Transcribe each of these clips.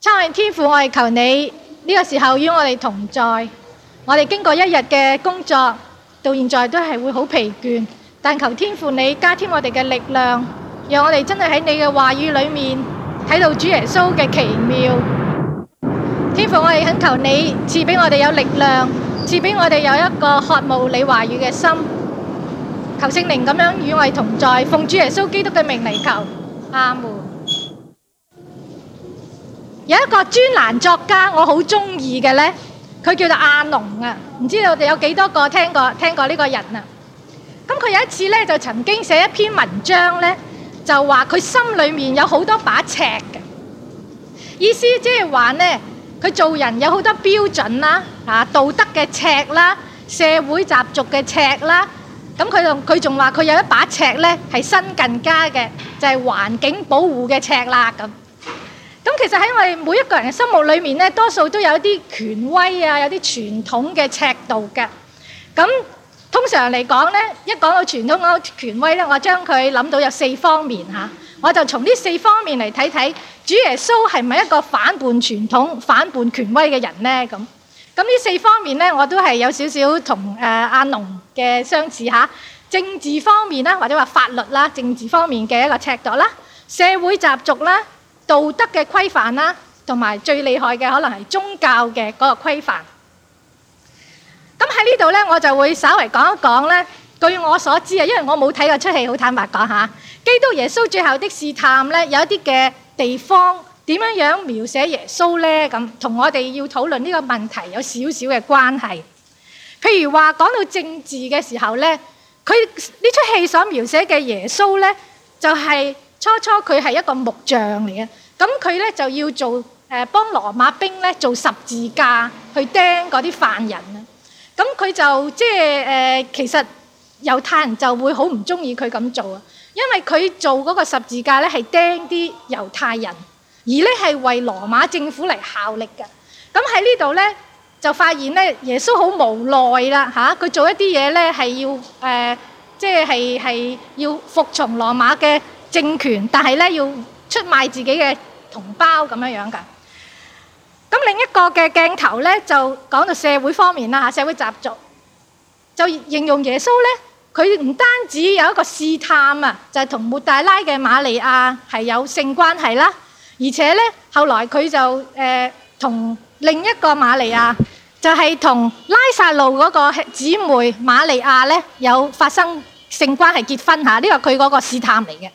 慈愛天父，我哋求你呢個時候與我哋同在。我哋經過一日嘅工作，到現在都係會好疲倦，但求天父你加添我哋嘅力量，讓我哋真係喺你嘅話語裏面睇到主耶穌嘅奇妙。天父，我哋懇求你賜俾我哋有力量，賜俾我哋有一個渴慕你話語嘅心。求聖靈咁樣與我哋同在，奉主耶穌基督嘅名嚟求，阿門。有一個專欄作家，我好中意嘅呢，佢叫做阿龍啊，唔知你哋有幾多個聽過聽過呢個人啊？咁佢有一次呢，就曾經寫一篇文章呢，就話佢心裏面有好多把尺嘅，意思即係話呢，佢做人有好多標準啦，啊道德嘅尺啦，社會習俗嘅尺啦，咁佢仲佢仲話佢有一把尺呢，係新近加嘅，就係環境保護嘅尺啦咁。咁其實喺我哋每一個人嘅心目裏面咧，多數都有一啲權威啊，有啲傳統嘅尺度嘅。咁通常嚟講咧，一講到傳統嗰個權威咧，我將佢諗到有四方面嚇，我就從呢四方面嚟睇睇，主耶穌係咪一個反叛傳統、反叛權威嘅人咧？咁咁呢四方面咧，我都係有少少同誒阿龍嘅相似嚇。政治方面啦，或者話法律啦、政治方面嘅一個尺度啦，社會習俗啦。道德嘅規範啦，同埋最厲害嘅可能係宗教嘅嗰個規範。咁喺呢度呢，我就會稍微講一講，呢，據我所知啊，因為我冇睇過出戲，好坦白講嚇，基督耶穌最後的試探呢，有一啲嘅地方點樣樣描寫耶穌呢？咁同我哋要討論呢個問題有少少嘅關係。譬如話講到政治嘅時候呢，佢呢出戲所描寫嘅耶穌呢，就係、是。初初佢係一個木匠嚟嘅，咁佢呢就要做誒幫羅馬兵呢做十字架去釘嗰啲犯人啊！咁佢就即係誒，其實猶太人就會好唔中意佢咁做啊，因為佢做嗰個十字架呢係釘啲猶太人，而呢係為羅馬政府嚟效力嘅。咁喺呢度呢，就發現呢，耶穌好無奈啦嚇，佢做一啲嘢呢，係要誒，即係係係要服從羅馬嘅。政權，但係咧要出賣自己嘅同胞咁樣樣㗎。咁另一個嘅鏡頭咧，就講到社會方面啦嚇，社會習俗就形容耶穌咧，佢唔單止有一個試探啊，就係同抹大拉嘅瑪利亞係有性關係啦，而且咧，後來佢就誒同另一個瑪利亞，就係同拉撒路嗰個姊妹瑪利亞咧，有發生性關係結婚嚇，呢個佢嗰個試探嚟嘅。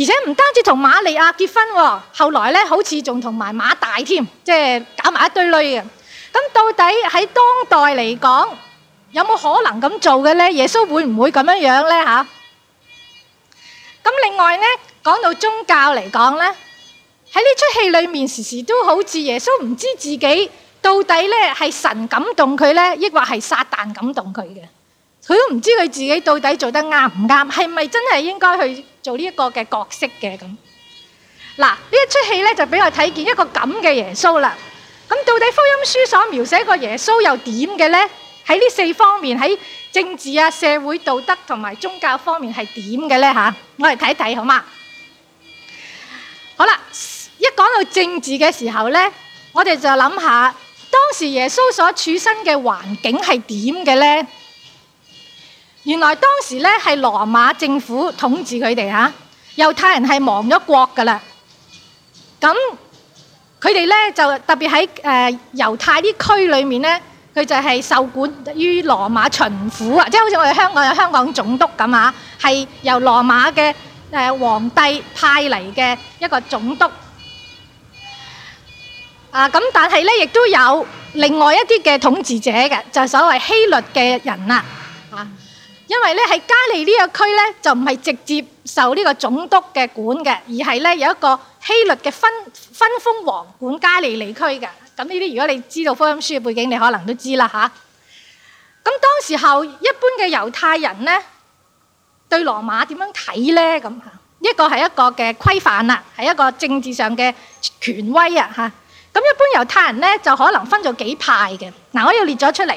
而且唔單止同瑪利亞結婚，後來咧好似仲同埋馬大添，即係搞埋一堆女嘅。咁到底喺當代嚟講，有冇可能咁做嘅呢？耶穌會唔會咁樣樣呢？吓？咁另外呢，講到宗教嚟講呢，喺呢出戲裡面時時都好似耶穌唔知自己到底呢係神感動佢呢，抑或係撒旦感動佢嘅。佢都唔知佢自己到底做得啱唔啱，係咪真係應該去做呢一個嘅角色嘅咁？嗱，呢一出戲咧就俾我睇見一個咁嘅耶穌啦。咁到底福音書所描寫個耶穌又點嘅呢？喺呢四方面，喺政治啊、社會、道德同埋宗教方面係點嘅呢？吓，我嚟睇睇好嘛。好啦，一講到政治嘅時候呢，我哋就諗下當時耶穌所處身嘅環境係點嘅呢？原來當時咧係羅馬政府統治佢哋嚇，猶太人係亡咗國噶啦。咁佢哋咧就特別喺誒猶太啲區裏面咧，佢就係受管於羅馬巡撫啊，即係好似我哋香港有香港總督咁啊，係由羅馬嘅誒皇帝派嚟嘅一個總督。啊，咁但係咧亦都有另外一啲嘅統治者嘅，就係所謂希律嘅人啦，嚇。因為咧，喺加利呢個區咧，就唔係直接受呢個總督嘅管嘅，而係咧有一個希律嘅分分封王管加利利區嘅。咁呢啲如果你知道福音書嘅背景，你可能都知啦吓，咁當時候一般嘅猶太人咧，對羅馬點樣睇咧？咁嚇，一個係一個嘅規範啦，係一個政治上嘅權威啊吓，咁一般猶太人咧就可能分咗幾派嘅。嗱，我要列咗出嚟。.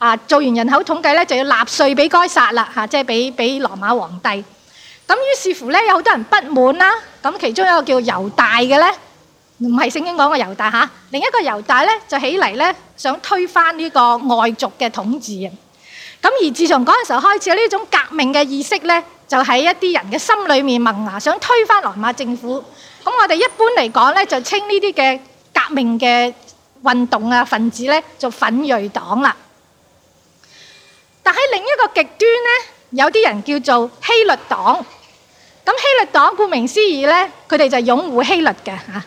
啊！做完人口統計咧，就要納稅俾該撒啦嚇，即係俾俾羅馬皇帝。咁、啊、於是乎咧，有好多人不滿啦。咁、啊、其中一個叫猶大嘅咧，唔係聖經講嘅猶大嚇、啊。另一個猶大咧，就起嚟咧，想推翻呢個外族嘅統治，咁、啊、而自從嗰陣時候開始，呢種革命嘅意識咧，就喺一啲人嘅心裏面萌芽，想推翻羅馬政府。咁我哋一般嚟講咧，就稱呢啲嘅革命嘅運動啊分子咧，就奮銳黨啦。但喺另一個極端咧，有啲人叫做希律黨。咁希律黨顧名思義咧，佢哋就擁護希律嘅嚇。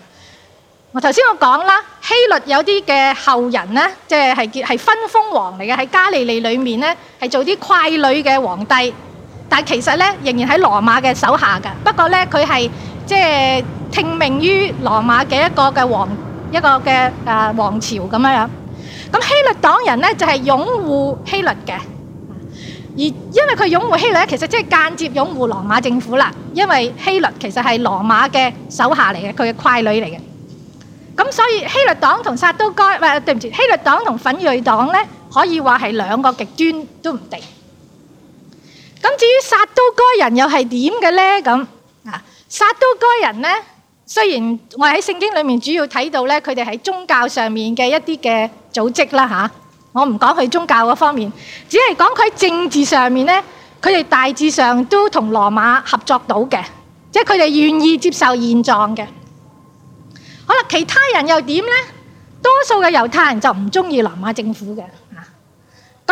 我頭先我講啦，希律有啲嘅後人咧，即係係係分封王嚟嘅，喺加利利裏面咧係做啲傀儡嘅皇帝。但係其實咧，仍然喺羅馬嘅手下㗎。不過咧，佢係即係聽命於羅馬嘅一個嘅王，一個嘅啊王朝咁樣樣。咁希律黨人咧，就係擁護希律嘅。而因為佢擁護希律，其實即係間接擁護羅馬政府啦。因為希律其實係羅馬嘅手下嚟嘅，佢嘅傀儡嚟嘅。咁所以希律黨同撒都該，唔係，對唔住，希律黨同奮銳黨咧，可以話係兩個極端都唔定。咁至於撒都該人又係點嘅咧？咁啊，撒都該人咧，雖然我喺聖經裏面主要睇到咧，佢哋係宗教上面嘅一啲嘅組織啦，嚇。我唔講佢宗教嗰方面，只係講佢政治上面呢，佢哋大致上都同羅馬合作到嘅，即係佢哋願意接受現狀嘅。好啦，其他人又點呢？多數嘅猶太人就唔中意羅馬政府嘅。吓，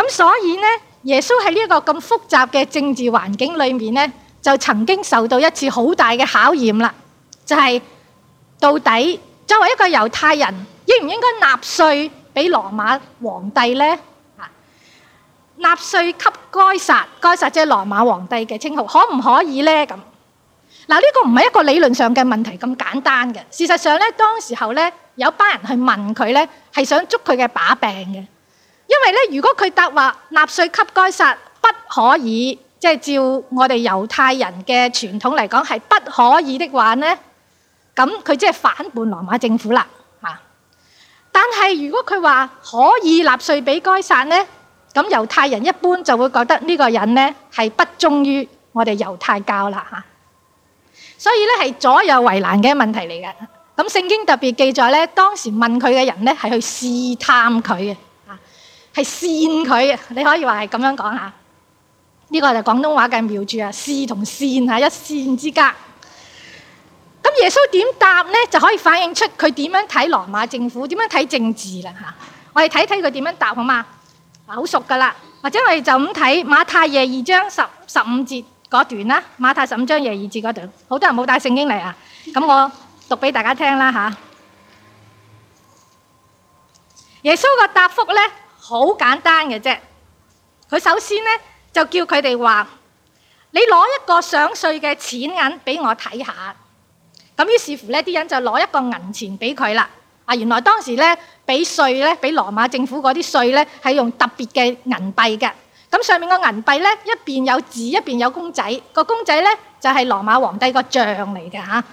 咁所以呢，耶穌喺呢一個咁複雜嘅政治環境裏面呢，就曾經受到一次好大嘅考驗啦。就係到底作為一個猶太人，應唔應該納稅？俾羅馬皇帝呢嚇，納稅給該撒。該撒，即係羅馬皇帝嘅稱號，可唔可以呢？咁嗱，呢、這個唔係一個理論上嘅問題咁簡單嘅。事實上呢，當時候呢，有班人去問佢呢，係想捉佢嘅把柄嘅，因為呢，如果佢答話納稅給該撒不可以，即、就、係、是、照我哋猶太人嘅傳統嚟講係不可以的話呢，咁佢即係反叛羅馬政府啦。但係如果佢話可以納稅俾該撒呢，咁猶太人一般就會覺得呢個人呢係不忠於我哋猶太教啦吓，所以呢係左右為難嘅問題嚟嘅。咁聖經特別記載呢，當時問佢嘅人呢係去試探佢嘅，係煽佢嘅，你可以話係咁樣講吓。呢、這個就是廣東話嘅妙處啊，試同煽係一線之隔。咁耶穌點答呢？就可以反映出佢點樣睇羅馬政府，點樣睇政治啦嚇。我哋睇睇佢點樣答好嘛？好熟噶啦，或者我哋就咁睇馬太廿二章十十五節嗰段啦，馬太十五章廿二節嗰段。好多人冇帶聖經嚟啊，咁我讀俾大家聽啦嚇。 耶穌個答覆呢，好簡單嘅啫。佢首先呢，就叫佢哋話：你攞一個上稅嘅錢銀俾我睇下。咁於是乎呢啲人就攞一個銀錢俾佢啦。啊，原來當時咧，俾稅咧，俾羅馬政府嗰啲稅呢係用特別嘅銀幣嘅。咁上面個銀幣呢，一邊有字，一邊有公仔。個公仔呢，就係羅馬皇帝個像嚟嘅嚇。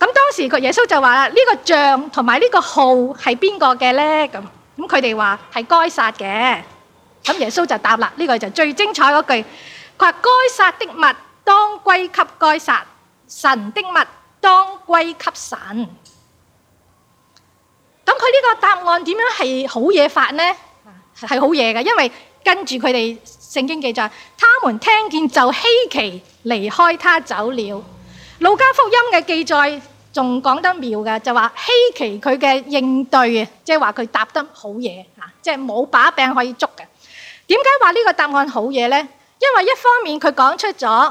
咁當時個耶穌就話啦：呢個像同埋呢個號係邊個嘅呢？」咁咁佢哋話係該撒嘅。咁耶穌就答啦：呢個就最精彩嗰句，佢話該撒的物當歸給該撒。神的物當歸給神。咁佢呢個答案點樣係好嘢法呢？係好嘢嘅，因為跟住佢哋聖經記載，他們聽見就稀奇，離開他走了。路加福音嘅記載仲講得妙嘅，就話稀奇佢嘅應對嘅，即係話佢答得好嘢吓，即係冇把柄可以捉嘅。點解話呢個答案好嘢呢？因為一方面佢講出咗。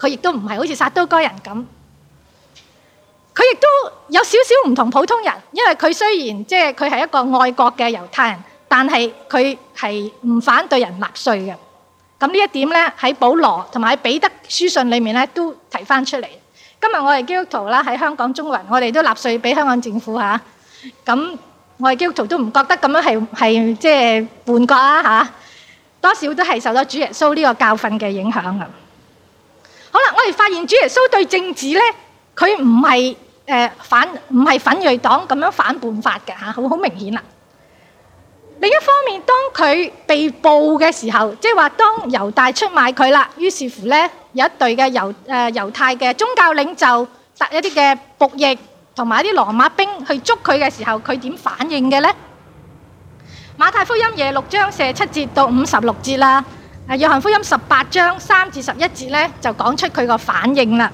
佢亦都唔係好似撒都該人咁，佢亦都有少少唔同普通人，因為佢雖然即係佢係一個愛國嘅猶太人，但係佢係唔反對人納稅嘅。咁呢一點呢喺保羅同埋喺彼得書信裡面呢都提翻出嚟。今日我哋基督徒啦喺香港中國人，我哋都納稅俾香港政府嚇。咁我哋基督徒都唔覺得咁樣係係即係叛國啊嚇，多少都係受咗主耶穌呢個教訓嘅影響啊。好啦，我哋發現主耶穌對政治咧，佢唔係誒反，唔係反對黨咁樣反叛法嘅嚇，好好明顯啦。另一方面，當佢被捕嘅時候，即係話當猶大出賣佢啦，於是乎咧有一隊嘅猶誒猶太嘅宗教領袖，帶一啲嘅僕役同埋一啲羅馬兵去捉佢嘅時候，佢點反應嘅咧？馬太福音廿六章四七節到五十六節啦。啊！約翰福音十八章三至十一節咧，就講出佢個反應啦。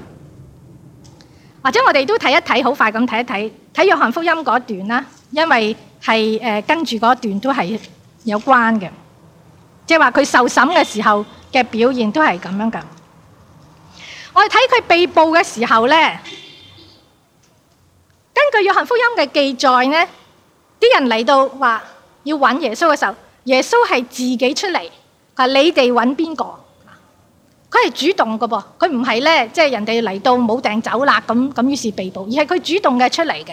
或者我哋都睇一睇，好快咁睇一睇，睇約翰福音嗰段啦，因為係誒、呃、跟住嗰段都係有關嘅，即係話佢受審嘅時候嘅表現都係咁樣噶。我哋睇佢被捕嘅時候咧，根據約翰福音嘅記載咧，啲人嚟到話要揾耶穌嘅時候，耶穌係自己出嚟。你哋揾邊個？佢係主動㗎噃，佢唔係咧，即係人哋嚟到冇訂走喇咁咁，於是被捕，而係佢主動嘅出嚟嘅。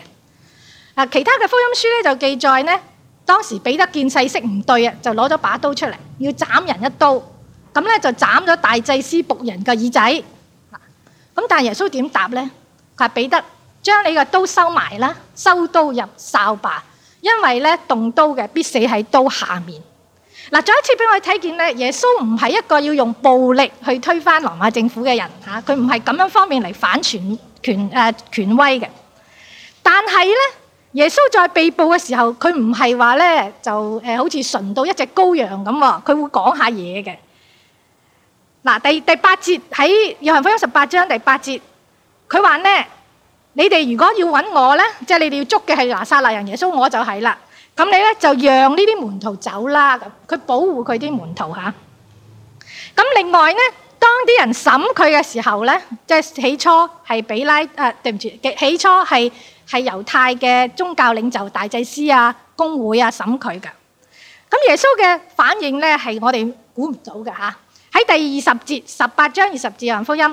啊，其他嘅福音書咧就記載呢：當時彼得見勢色唔對啊，就攞咗把刀出嚟要斬人一刀，咁咧就斬咗大祭司僕人嘅耳仔。咁但係耶穌點答呢？佢話彼得，將你嘅刀收埋啦，收刀入鞘吧，因為咧動刀嘅必死喺刀下面。嗱，再一次俾我哋睇見咧，耶穌唔係一個要用暴力去推翻羅馬政府嘅人嚇，佢唔係咁樣方面嚟反權權誒權威嘅。但係咧，耶穌在被捕嘅時候，佢唔係話咧就誒好似純到一隻羔羊咁喎，佢會講下嘢嘅。嗱，第第八節喺《約翰福音》十八章第八節，佢話咧：你哋如果要揾我咧，即係你哋要捉嘅係拿撒勒人耶穌，我就係啦。咁你咧就讓呢啲門徒走啦，佢保護佢啲門徒嚇。咁另外咧，當啲人審佢嘅時候咧，即係起初係比拉誒，對唔住，起初係係猶太嘅宗教領袖大祭司啊、公會啊審佢嘅。咁耶穌嘅反應咧係我哋估唔到嘅嚇。喺第二十節十八章二十節《約翰福音》，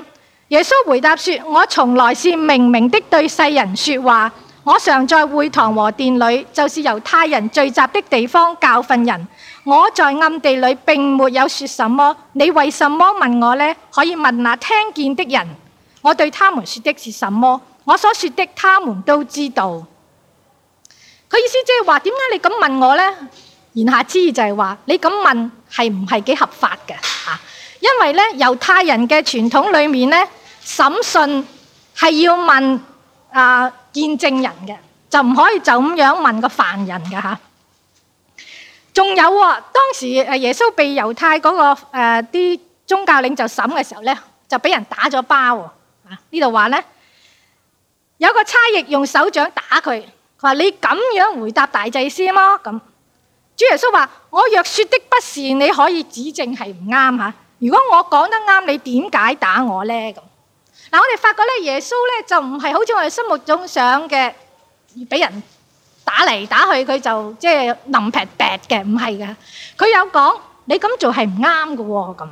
耶穌回答說：我從來是明明的對世人說話。我常在會堂和殿裏，就是猶太人聚集的地方教訓人。我在暗地裏並沒有說什麼，你為什麼問我呢？可以問那聽見的人，我對他們說的是什麼？我所說的，他們都知道。佢意思即係話，點解你咁問我呢？言下之意就係話，你咁問係唔係幾合法嘅吓、啊？因為呢，猶太人嘅傳統裏面呢，審訊係要問。啊，見證人嘅就唔可以就咁樣問個犯人嘅嚇。仲有喎，當時耶穌被猶太嗰、嗰個啲、呃、宗教領袖審嘅時候呢，就俾人打咗包啊！呢度話呢，有個差役用手掌打佢，佢話你咁樣回答大祭司麼？咁，主耶穌話：我若説的不是，你可以指證係唔啱嚇。如果我講得啱，你點解打我呢？咁。嗱，我哋發覺咧，耶穌咧就唔係好似我哋心目中想嘅，俾人打嚟打去，佢就即係冧劈劈嘅，唔係嘅。佢有講，你咁做係唔啱嘅喎，咁。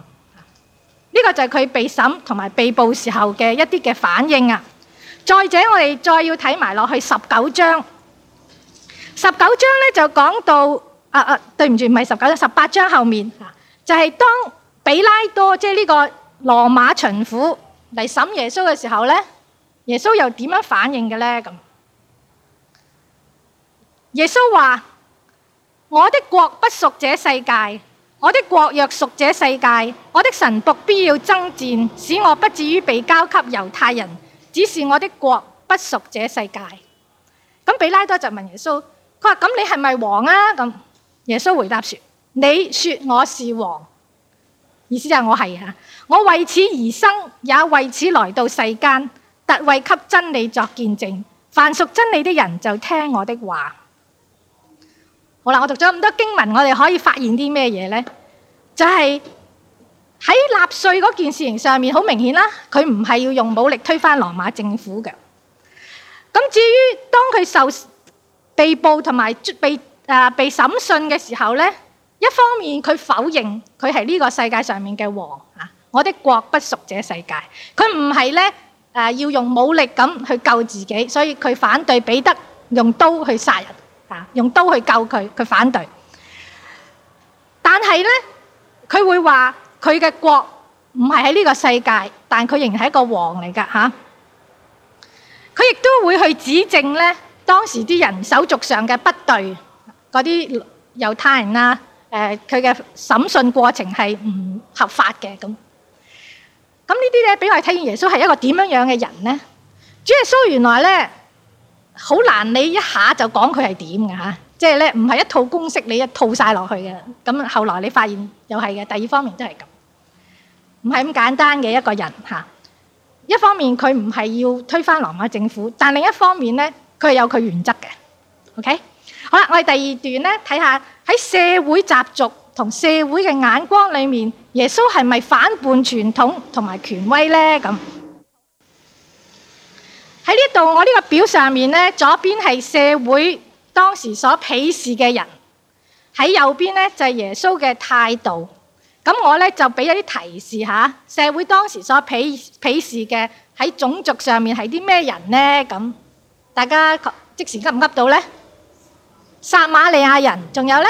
呢個就係佢被審同埋被捕時候嘅一啲嘅反應啊。再者，我哋再要睇埋落去十九章，十九章咧就講到啊啊，對唔住，唔係十九章，十八章後面嚇，就係當比拉多即係呢個羅馬巡撫，嚟審耶穌嘅時候咧，耶穌又點樣反應嘅咧？咁耶穌話：我的國不屬這世界，我的國若屬這世界，我的臣僕必要爭戰，使我不至於被交給猶太人。只是我的國不屬這世界。咁比拉多就問耶穌：佢話咁你係咪王啊？咁耶穌回答説：你説我是王，意思就係我係啊。我為此而生，也為此來到世間，特為給真理作見證。凡屬真理的人就聽我的話。好啦，我讀咗咁多經文，我哋可以發現啲咩嘢呢？就係喺納稅嗰件事情上面，好明顯啦，佢唔係要用武力推翻羅馬政府嘅。咁至於當佢受被捕同埋被啊、呃、被審訊嘅時候呢，一方面佢否認佢係呢個世界上面嘅王。我的國不屬這世界，佢唔係咧誒，要用武力咁去救自己，所以佢反對彼得用刀去殺人啊，用刀去救佢，佢反對。但係咧，佢會話佢嘅國唔係喺呢個世界，但係佢仍然係一個王嚟㗎嚇。佢亦都會去指證咧當時啲人手續上嘅不對，嗰啲猶太人啦誒，佢嘅審訊過程係唔合法嘅咁。咁呢啲咧，俾我哋體驗耶穌係一個點樣樣嘅人咧？主耶穌原來咧，好難你一下就講佢係點㗎吓，即係咧唔係一套公式，你一套晒落去嘅。咁後來你發現又係嘅，第二方面都係咁，唔係咁簡單嘅一個人吓。一方面佢唔係要推翻羅馬政府，但另一方面咧，佢係有佢原則嘅。OK，好啦，我哋第二段咧，睇下喺社會習俗，同社會嘅眼光裏面，耶穌係咪反叛傳統同埋權威呢？咁喺呢度，我呢個表上面呢，左邊係社會當時所鄙視嘅人，喺右邊呢就係耶穌嘅態度。咁我呢就俾一啲提示吓，社會當時所鄙鄙視嘅喺種族上面係啲咩人呢？咁大家即時噏唔噏到呢？撒瑪利亞人，仲有呢？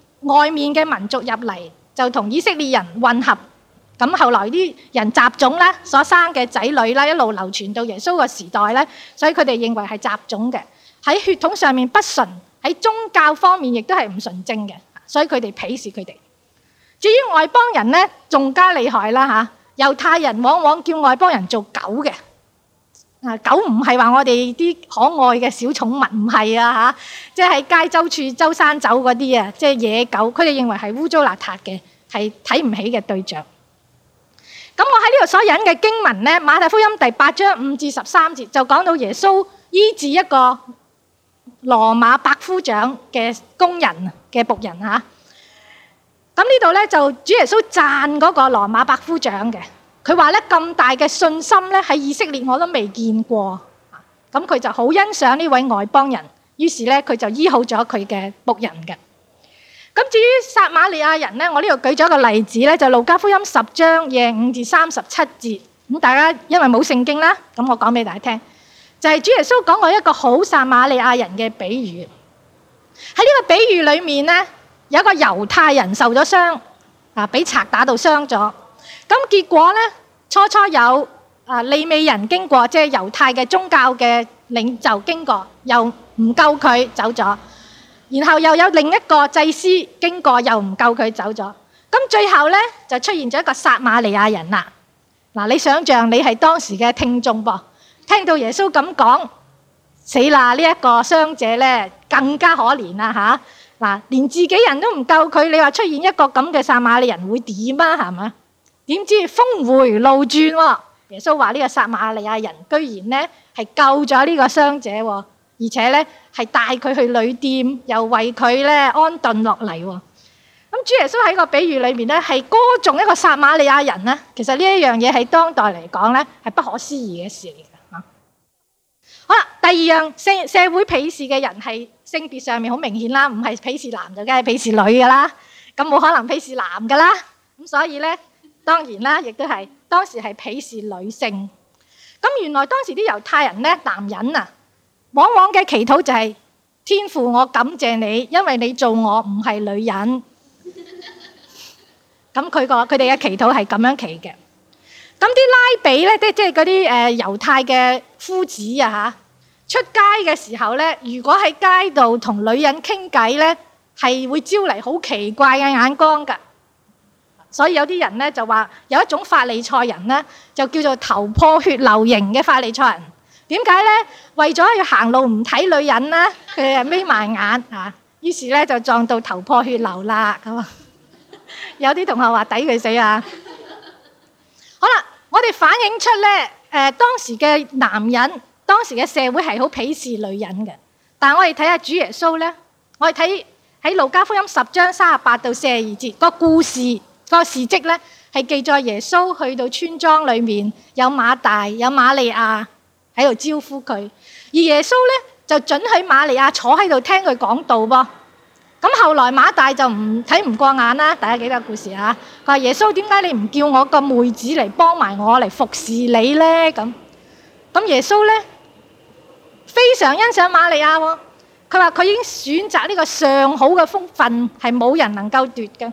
外面嘅民族入嚟就同以色列人混合，咁後來啲人雜種呢，所生嘅仔女呢，一路流傳到耶穌嘅時代咧，所以佢哋認為係雜種嘅，喺血統上面不純，喺宗教方面亦都係唔純正嘅，所以佢哋鄙視佢哋。至於外邦人呢，仲加厲害啦吓，猶太人往往叫外邦人做狗嘅。啊！狗唔係話我哋啲可愛嘅小寵物，唔係啊嚇，即係喺街周處周山走嗰啲啊，即係野狗，佢哋認為係污糟邋遢嘅，係睇唔起嘅對象。咁我喺呢度所引嘅經文咧，《馬太福音》第八章五至十三節，就講到耶穌醫治一個羅馬百夫長嘅工人嘅僕人嚇。咁呢度咧就主耶穌讚嗰個羅馬百夫長嘅。佢話咧咁大嘅信心咧，喺以色列我都未見過，咁佢就好欣賞呢位外邦人。於是咧，佢就醫好咗佢嘅僕人嘅。咁至於撒瑪利亞人咧，我呢度舉咗一個例子咧，就路加福音十章廿五至三十七節。咁大家因為冇聖經啦，咁我講俾大家聽，就係主耶穌講過一個好撒瑪利亞人嘅比喻。喺呢個比喻裏面咧，有一個猶太人受咗傷，啊，俾賊打到傷咗。咁結果咧，初初有啊利未人經過，即係猶太嘅宗教嘅領袖經過，又唔救佢走咗。然後又有另一個祭司經過，又唔救佢走咗。咁最後咧就出現咗一個撒瑪利亞人啦。嗱，你想象你係當時嘅聽眾噃，聽到耶穌咁講，死啦！呢一個傷者咧更加可憐啊吓，嗱，連自己人都唔救佢，你話出現一個咁嘅撒瑪利人會點啊？係咪啊？點知峰回路轉？耶穌話呢個撒瑪利亞人居然呢係救咗呢個傷者，而且呢係帶佢去旅店，又為佢呢安頓落嚟。咁主耶穌喺個比喻裏面呢，係歌頌一個撒瑪利亞人呢。其實呢一樣嘢喺當代嚟講呢，係不可思議嘅事嚟嘅吓。好啦，第二樣社社會鄙視嘅人係性別上面好明顯啦，唔係鄙視男就梗係鄙視女㗎啦，咁冇可能鄙視男㗎啦。咁所以呢。當然啦，亦都係當時係鄙視女性。咁原來當時啲猶太人咧，男人啊，往往嘅祈禱就係天父，我感謝你，因為你做我唔係女人。咁佢個佢哋嘅祈禱係咁樣祈嘅。咁啲拉比咧，即即係嗰啲誒猶太嘅夫子啊嚇，出街嘅時候咧，如果喺街度同女人傾偈咧，係會招嚟好奇怪嘅眼光㗎。所以有啲人咧就話有一種法利賽人咧，就叫做頭破血流型嘅法利賽人。點解咧？為咗要行路唔睇女人啦，佢啊眯埋眼嚇，於是咧就撞到頭破血流啦咁啊！ 有啲同學話抵佢死啊！好啦，我哋反映出咧誒當時嘅男人，當時嘅社會係好鄙視女人嘅。但係我哋睇下主耶穌咧，我哋睇喺路加福音十章三十八到四十二節個故事。個事蹟呢係記載耶穌去到村莊裏面，有馬大有瑪利亞喺度招呼佢，而耶穌呢就準許瑪利亞坐喺度聽佢講道噃。咁後來馬大就唔睇唔過眼啦，大家記得個故事吓。佢話耶穌點解你唔叫我個妹子嚟幫埋我嚟服侍你呢？咁咁耶穌呢非常欣賞瑪利亞喎，佢話佢已經選擇呢個上好嘅福分係冇人能夠奪嘅。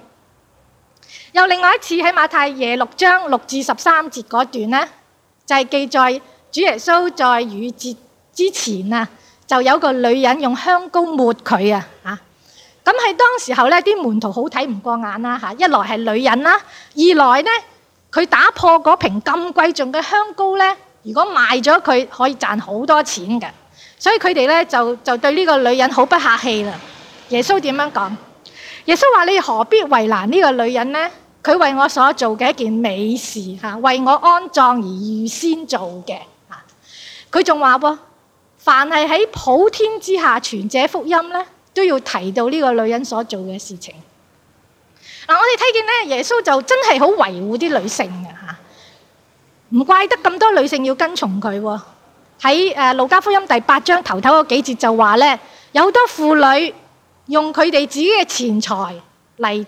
有另外一次喺馬太廿六章六至十三節嗰段咧，就係記載主耶穌在逾越節之前啊，就有個女人用香膏抹佢啊，吓咁喺當時候咧，啲門徒好睇唔過眼啦，吓一來係女人啦，二來咧佢打破嗰瓶咁貴重嘅香膏咧，如果賣咗佢可以賺好多錢嘅，所以佢哋咧就就對呢個女人好不客氣啦。耶穌點樣講？耶穌話你何必為難呢個女人咧？佢為我所做嘅一件美事嚇，為我安葬而預先做嘅嚇。佢仲話喎，凡係喺普天之下傳這福音咧，都要提到呢個女人所做嘅事情。嗱，我哋睇見咧，耶穌就真係好維護啲女性嘅嚇，唔怪得咁多女性要跟從佢喎。喺誒路加福音第八章頭頭嗰幾節就話咧，有好多婦女用佢哋自己嘅錢財嚟誒。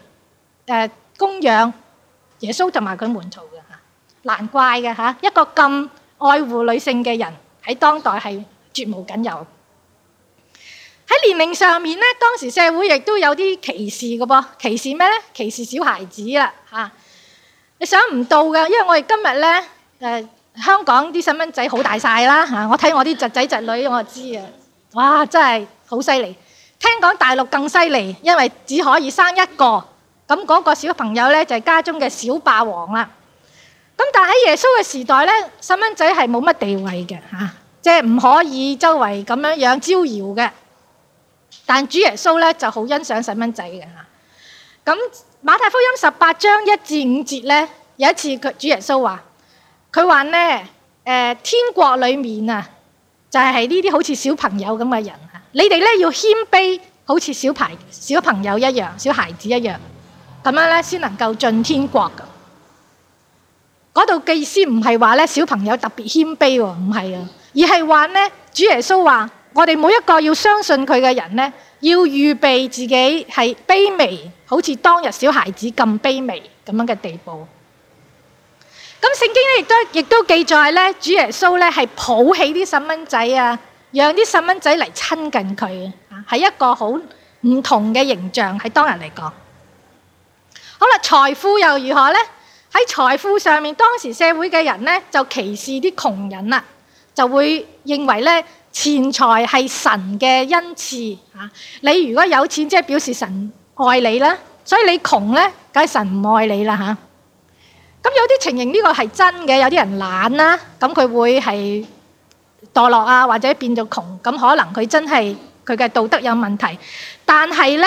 呃供養耶穌同埋佢門徒嘅嚇，難怪嘅嚇，一個咁愛護女性嘅人喺當代係絕無僅有。喺年齡上面呢，當時社會亦都有啲歧視嘅噃，歧視咩呢？歧視小孩子啦嚇。你想唔到嘅，因為我哋今日呢誒香港啲細蚊仔好大曬啦嚇，我睇我啲侄仔侄女我就知啊，哇真係好犀利！聽講大陸更犀利，因為只可以生一個。咁嗰個小朋友咧就係、是、家中嘅小霸王啦。咁但喺耶穌嘅時代咧，細蚊仔係冇乜地位嘅嚇，即係唔可以周圍咁樣樣招搖嘅。但主耶穌咧就好欣賞細蚊仔嘅嚇。咁、啊、馬太福音十八章一至五節咧，有一次佢主耶穌話：佢話咧誒天國裡面啊，就係呢啲好似小朋友咁嘅人嚇。你哋咧要謙卑，好似小排小朋友一樣，小孩子一樣。咁樣呢，先能夠進天國。嗰度嘅意思唔係話呢小朋友特別謙卑喎，唔係啊，而係話呢，主耶穌話：我哋每一個要相信佢嘅人呢，要預備自己係卑微，好似當日小孩子咁卑微咁樣嘅地步。咁聖經咧亦都亦都記載咧，主耶穌呢係抱起啲細蚊仔啊，讓啲細蚊仔嚟親近佢啊，係一個好唔同嘅形象喺當日嚟講。好啦，財富又如何呢？喺財富上面，當時社會嘅人呢，就歧視啲窮人啦，就會認為呢，錢財係神嘅恩賜嚇。你如果有錢，即係表示神愛你啦。所以你窮呢，梗係神唔愛你啦嚇。咁有啲情形呢個係真嘅，有啲人懶啦，咁佢會係墮落啊，或者變咗窮，咁可能佢真係佢嘅道德有問題。但係呢，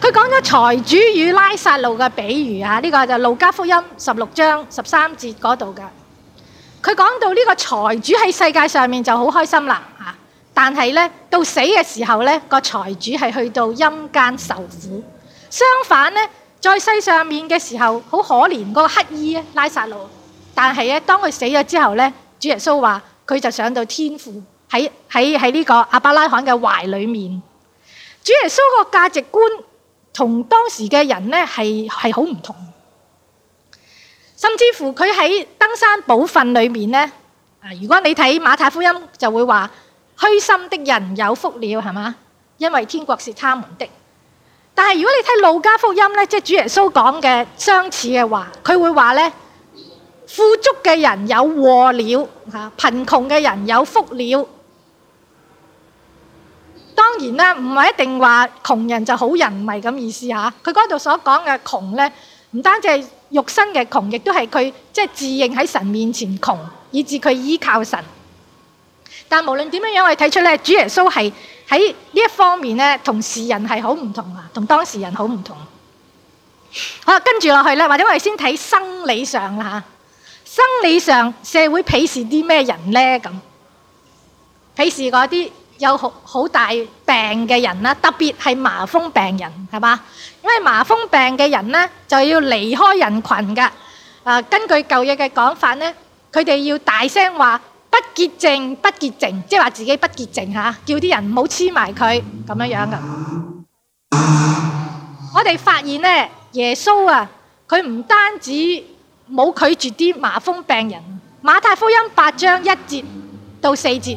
佢講咗財主與拉撒路嘅比喻啊，呢個就係路加福音十六章十三節嗰度嘅。佢講到呢個財主喺世界上面就好開心啦嚇，但係呢，到死嘅時候呢，個財主係去到陰間受苦。相反呢，在世上面嘅時候好可憐個乞兒拉撒路，但係咧當佢死咗之後呢，主耶穌話佢就上到天父喺喺喺呢個亞伯拉罕嘅懷裡面。主耶穌個價值觀，同當時嘅人呢係係好唔同，甚至乎佢喺登山寶訓裏面呢，啊，如果你睇馬太福音就會話虛心的人有福了係嘛？因為天國是他們的。但係如果你睇路加福音呢，即係、就是、主耶穌講嘅相似嘅話，佢會話呢富足嘅人有禍了嚇，貧窮嘅人有福了。當然啦，唔係一定話窮人就好人，唔係咁意思嚇。佢嗰度所講嘅窮呢，唔單止係肉身嘅窮，亦都係佢即係自認喺神面前窮，以致佢依靠神。但無論點樣樣，我哋睇出呢，主耶穌係喺呢一方面呢，同世人係好唔同啊，同當時人好唔同。好，跟住落去呢，或者我哋先睇生理上啦吓，生理上，社會鄙視啲咩人呢？咁鄙視嗰啲。有好好大病嘅人啦，特別係麻風病人，係嘛？因為麻風病嘅人呢，就要離開人群㗎。啊、呃，根據舊約嘅講法呢，佢哋要大聲話不潔淨，不潔淨，即係話自己不潔淨嚇、啊，叫啲人唔好黐埋佢咁樣樣㗎。我哋發現呢，耶穌啊，佢唔單止冇拒絕啲麻風病人，《馬太福音》八章一節到四節。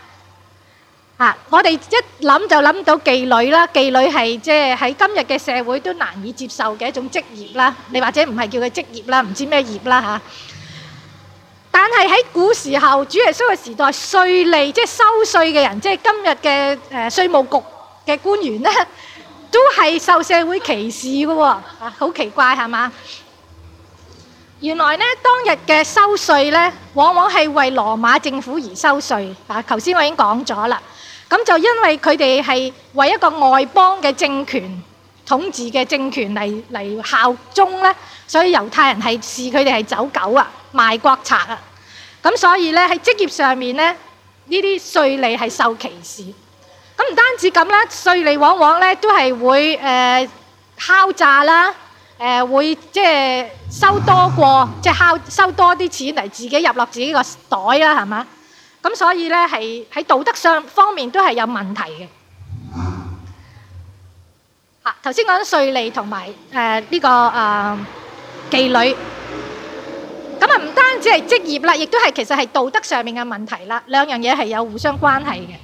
啊！我哋一諗就諗到妓女啦，妓女係即係喺今日嘅社會都難以接受嘅一種職業啦。你或者唔係叫佢職業啦，唔知咩業啦嚇。但係喺古時候，主耶穌嘅時代，稅吏即係收稅嘅人，即係今日嘅誒稅務局嘅官員咧，都係受社會歧視嘅喎。啊，好奇怪係嘛？原來咧，當日嘅收稅咧，往往係為羅馬政府而收稅。啊，頭先我已經講咗啦。咁就因為佢哋係為一個外邦嘅政權，統治嘅政權嚟嚟效忠咧，所以猶太人係視佢哋係走狗啊、賣國賊啊。咁所以咧，喺職業上面咧，呢啲稅吏係受歧視。咁唔單止咁啦，稅吏往往咧都係會誒敲詐啦，誒、呃呃、會即係收多過即係敲收多啲錢嚟，自己入落自己個袋啦，係嘛？咁所以咧，係喺道德上方面都係有問題嘅。嚇，頭先講咗稅吏同埋誒呢個誒妓女，咁啊唔單止係職業啦，亦都係其實係道德上面嘅問題啦。兩樣嘢係有互相關係嘅。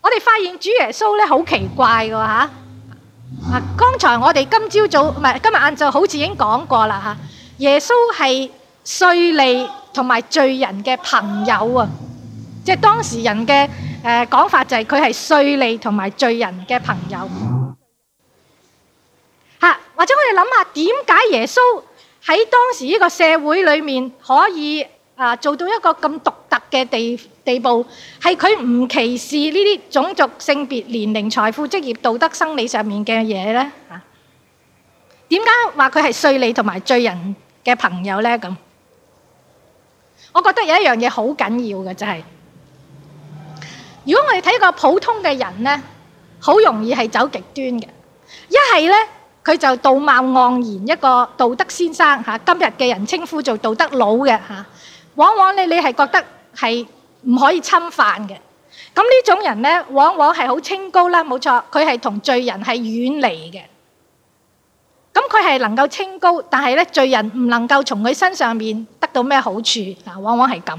我哋發現主耶穌咧好奇怪㗎嚇。啊，剛才我哋今朝早唔係今日晏晝，好似已經講過啦嚇。耶穌係稅吏同埋罪人嘅朋友啊！即係當時人嘅誒講法，就係佢係稅吏同埋罪人嘅朋友嚇。或者我哋諗下點解耶穌喺當時呢個社會裏面可以啊做到一個咁獨特嘅地地步，係佢唔歧視呢啲種族、性別、年齡、財富、職業、道德、生理上面嘅嘢咧嚇。點解話佢係稅吏同埋罪人嘅朋友咧？咁我覺得有一樣嘢好緊要嘅就係。如果我哋睇個普通嘅人呢，好容易係走極端嘅。一係呢，佢就道貌岸然，一個道德先生嚇，今日嘅人稱呼做道德佬嘅嚇。往往你你係覺得係唔可以侵犯嘅。咁呢種人呢，往往係好清高啦，冇錯，佢係同罪人係遠離嘅。咁佢係能夠清高，但係呢罪人唔能夠從佢身上面得到咩好處啊，往往係咁。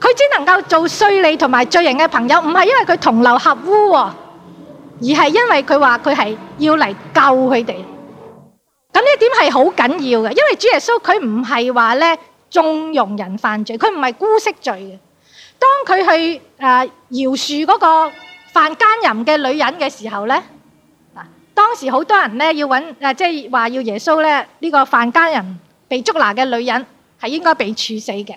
佢只能夠做稅吏同埋罪人嘅朋友，唔係因為佢同流合污，而係因為佢話佢係要嚟救佢哋。咁呢一點係好緊要嘅，因為主耶穌佢唔係話咧縱容人犯罪，佢唔係姑息罪嘅。當佢去誒饒恕嗰個犯奸淫嘅女人嘅時候呢，嗱，當時好多人呢要揾、呃、即係話要耶穌呢，呢、呢個犯奸淫被捉拿嘅女人係應該被處死嘅。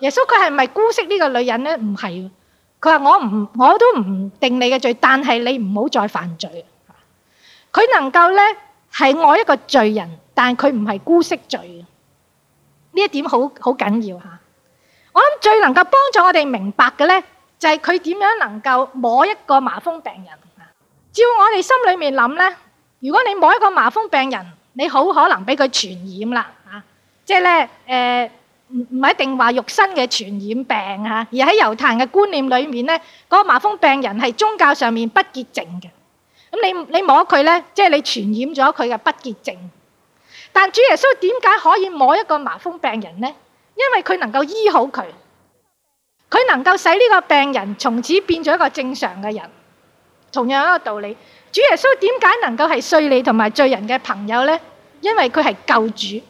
耶穌佢係咪姑息呢個女人呢？唔係，佢話我唔我都唔定你嘅罪，但係你唔好再犯罪。佢能夠呢係愛一個罪人，但係佢唔係姑息罪。呢一點好好緊要嚇。我諗最能夠幫助我哋明白嘅呢，就係佢點樣能夠摸一個麻風病人啊？照我哋心裏面諗呢，如果你摸一個麻風病人，你好可能俾佢傳染啦啊！即係呢誒。唔唔係一定話肉身嘅傳染病嚇，而喺猶太人嘅觀念裏面呢，嗰個麻風病人係宗教上面不潔淨嘅。咁你你摸佢呢，即係你傳染咗佢嘅不潔淨。但主耶穌點解可以摸一個麻風病人呢？因為佢能夠醫好佢，佢能夠使呢個病人從此變咗一個正常嘅人。同樣一個道理，主耶穌點解能夠係稅吏同埋罪人嘅朋友呢？因為佢係救主。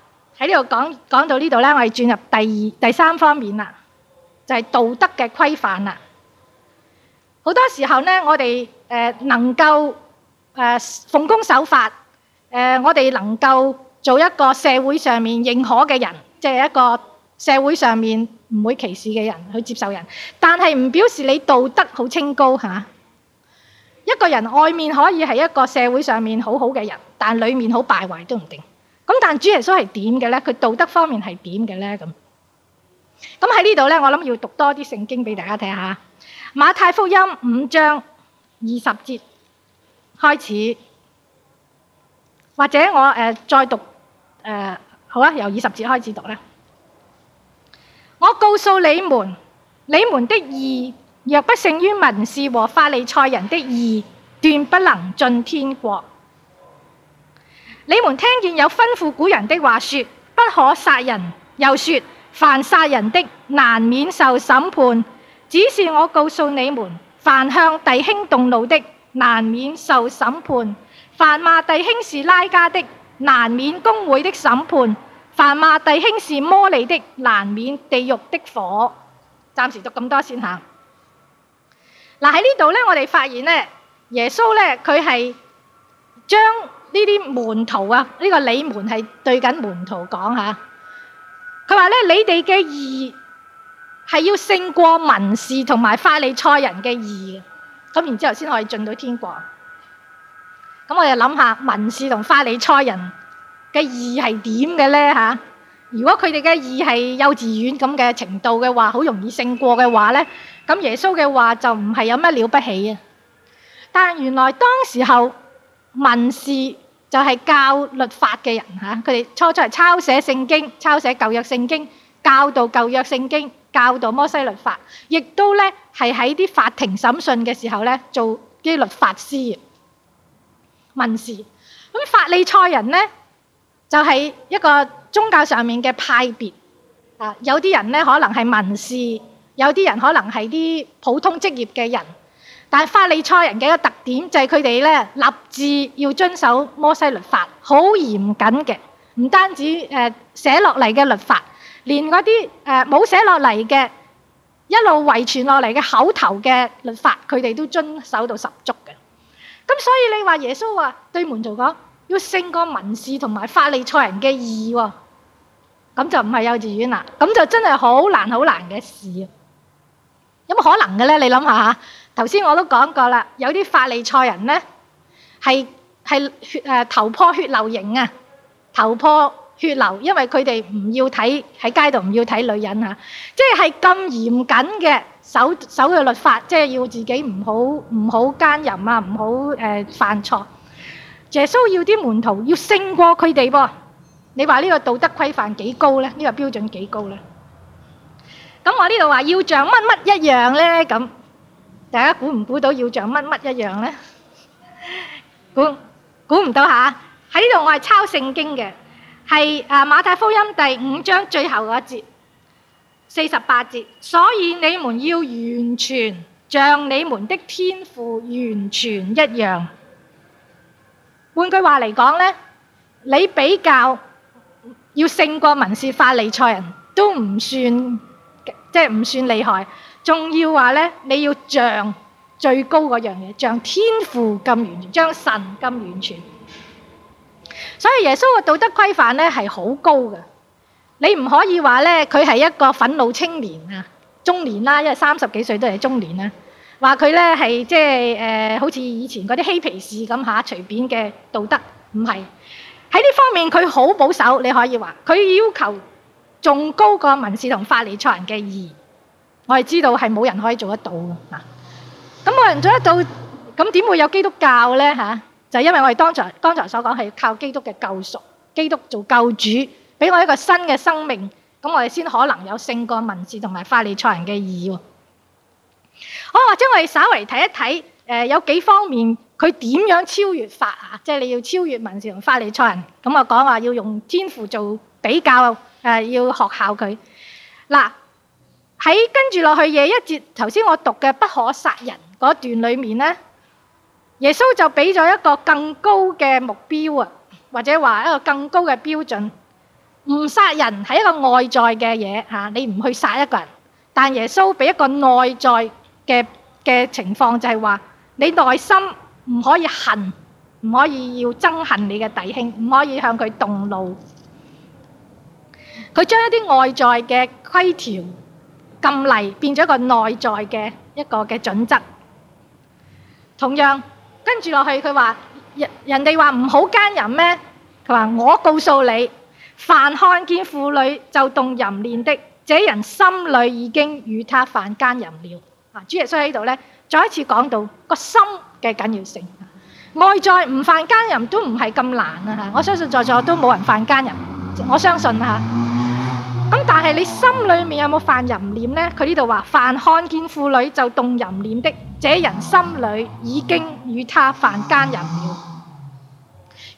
喺呢度講講到呢度咧，我哋轉入第二第三方面啦，就係道德嘅規範啦。好多時候呢，我哋誒能夠誒奉公守法，誒我哋能夠做一個社會上面認可嘅人，即係一個社會上面唔會歧視嘅人去接受人，但係唔表示你道德好清高嚇。一個人外面可以係一個社會上面好好嘅人，但裡面好敗壞都唔定。咁但主耶穌係點嘅咧？佢道德方面係點嘅咧？咁咁喺呢度咧，我諗要讀多啲聖經俾大家睇下。馬太福音五章二十節開始，或者我誒、呃、再讀誒、呃、好啊，由二十節開始讀啦。我告訴你們，你們的義若不勝於文士和法利賽人的義，斷不能進天國。你們聽見有吩咐古人的話說，說不可殺人，又說凡殺人的難免受審判。只是我告訴你們，凡向弟兄動怒的，難免受審判；凡罵弟兄是拉加的，難免公會的審判；凡罵弟兄是魔利的，難免地獄的火。暫時讀咁多先行。嗱喺呢度呢，我哋發現呢耶穌呢，佢係將。呢啲門徒啊，呢、呢個你門係對緊門徒講嚇。佢話咧：你哋嘅義係要勝過文士同埋法利賽人嘅義，咁然之後先可以進到天國。咁我又諗下文士同法利賽人嘅義係點嘅呢？嚇？如果佢哋嘅義係幼稚園咁嘅程度嘅話，好容易勝過嘅話呢。咁耶穌嘅話就唔係有乜了不起啊！但原來當時候。文士就係教律法嘅人嚇，佢哋初初係抄寫聖經、抄寫舊約聖經、教導舊約聖經、教導摩西律法，亦都咧係喺啲法庭審訊嘅時候咧做啲律法師、文士。咁法利賽人咧就係一個宗教上面嘅派別啊，有啲人咧可能係文士，有啲人可能係啲普通職業嘅人。但係法利賽人嘅一個特點就係佢哋咧立志要遵守摩西律法，好嚴謹嘅。唔單止誒寫落嚟嘅律法，連嗰啲誒冇寫落嚟嘅一路遺傳落嚟嘅口頭嘅律法，佢哋都遵守到十足嘅。咁所以你話耶穌話對門徒講，要勝過文士同埋法利賽人嘅義喎、哦，咁就唔係幼稚園啦、啊，咁就真係好難好難嘅事。有冇可能嘅咧？你諗下嚇？頭先我都講過啦，有啲法利賽人呢，係係血誒頭破血流型啊，頭破血流，因為佢哋唔要睇喺街度，唔要睇女人吓，即係咁嚴謹嘅守守嘅律法，即係要自己唔好唔好奸淫啊，唔好誒犯錯。耶穌要啲門徒要勝過佢哋噃，你話呢個道德規範幾高呢？呢個標準幾高呢？咁我呢度話要像乜乜一樣呢咁？大家估唔估到要像乜乜一樣咧？估估唔到嚇！喺呢度我係抄聖經嘅，係誒馬太福音第五章最後嗰節四十八節，所以你們要完全像你們的天父完全一樣。換句話嚟講咧，你比較要勝過文士法利賽人，都唔算即係唔算厲害。仲要話咧，你要像最高嗰樣嘢，像天父咁完全，像神咁完全。所以耶穌嘅道德規範咧係好高嘅，你唔可以話咧佢係一個憤怒青年啊、中年啦，因為三十幾歲都係中年啦。話佢咧係即係誒，好似以前嗰啲嬉皮士咁嚇，隨便嘅道德，唔係。喺呢方面佢好保守，你可以話佢要求仲高過文士同法利賽人嘅義。我哋知道係冇人可以做得到嘅嚇，咁冇人做得到，咁點會有基督教呢？嚇？就是、因為我哋當才當場所講係靠基督嘅救贖，基督做救主，俾我一個新嘅生命，咁我哋先可能有勝過文士同埋法利賽人嘅義喎。好，或者我哋稍微睇一睇，誒有幾方面佢點樣超越法啊？即係你要超越文士同法利賽人，咁我講話要用天父做比較，誒、呃、要學效佢嗱。喺跟住落去嘢一節，頭先我讀嘅不可殺人嗰段裏面呢，耶穌就俾咗一個更高嘅目標啊，或者話一個更高嘅標準，唔殺人係一個外在嘅嘢嚇，你唔去殺一個人，但耶穌俾一個內在嘅嘅情況，就係話你內心唔可以恨，唔可以要憎恨你嘅弟兄，唔可以向佢動怒。佢將一啲外在嘅規條禁例變咗一個內在嘅一個嘅準則。同樣跟住落去，佢話人人哋話唔好奸淫咩？佢話我告訴你，凡看見婦女就動淫念的，這人心裡已經與他犯奸淫了。啊，主耶穌喺度咧，再一次講到個心嘅緊要性。外在唔犯奸淫都唔係咁難啊！哈，我相信在座都冇人犯奸淫，我相信啊。咁但係你心裏面有冇犯淫念呢？佢呢度話，凡看見婦女就動淫念的，這人心裏已經與他犯奸淫了。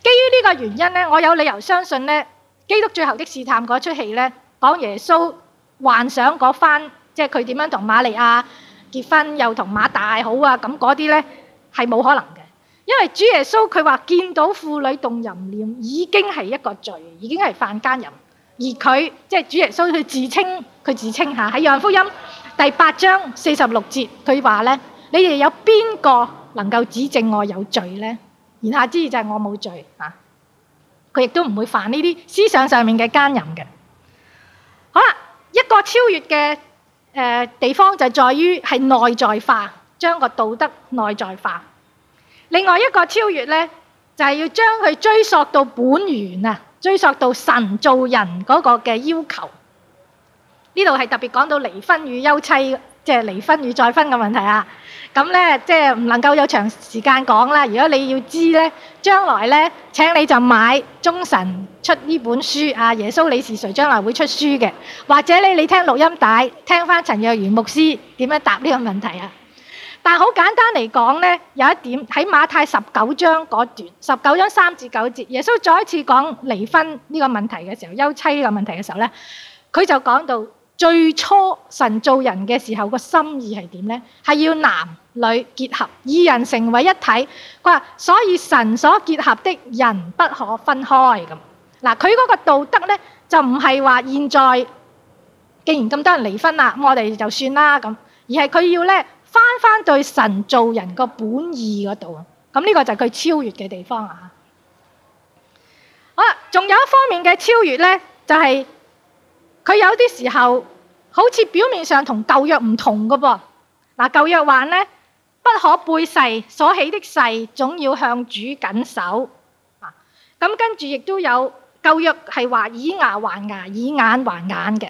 基於呢個原因呢，我有理由相信呢，基督最後的試探嗰出戲呢，講耶穌幻想嗰番，即係佢點樣同瑪利亞結婚，又同馬大好啊，咁嗰啲呢，係冇可能嘅，因為主耶穌佢話見到婦女動淫念已經係一個罪，已經係犯奸淫。而佢即係主耶穌他，佢自稱，佢自稱吓喺《約翰福音》第八章四十六節，佢話咧，你哋有邊個能夠指證我有罪咧？言下之意就係我冇罪吓，佢亦都唔會犯呢啲思想上面嘅奸淫嘅。好啦，一個超越嘅誒地方就係在於係內在化，將個道德內在化。另外一個超越咧，就係、是、要將佢追溯到本源啊。追溯到神做人嗰個嘅要求，呢度係特別講到離婚與休妻，即係離婚與再婚嘅問題啊！咁咧，即係唔能夠有長時間講啦。如果你要知咧，將來咧請你就買中神出呢本書啊！耶穌，你是誰將來會出書嘅，或者你你聽錄音帶聽翻陳若愚牧師點樣答呢個問題啊！但係好簡單嚟講呢，有一點喺馬太十九章嗰段，十九章三至九節，耶穌再一次講離婚呢個問題嘅時候，休妻呢個問題嘅時候呢，佢就講到最初神造人嘅時候個心意係點呢？係要男女結合，二人成為一體。佢話，所以神所結合的人不可分開咁。嗱，佢嗰個道德呢，就唔係話現在既然咁多人離婚啦，咁我哋就算啦咁，而係佢要呢。翻翻對神做人個本意嗰度啊，咁呢個就係佢超越嘅地方啊！好啦，仲有一方面嘅超越呢，就係佢有啲時候好似表面上同舊約唔同嘅噃。嗱，舊約話呢，不可背誓，所起的誓，總要向主謹守啊。咁跟住亦都有舊約係話以牙還牙，以眼還眼嘅。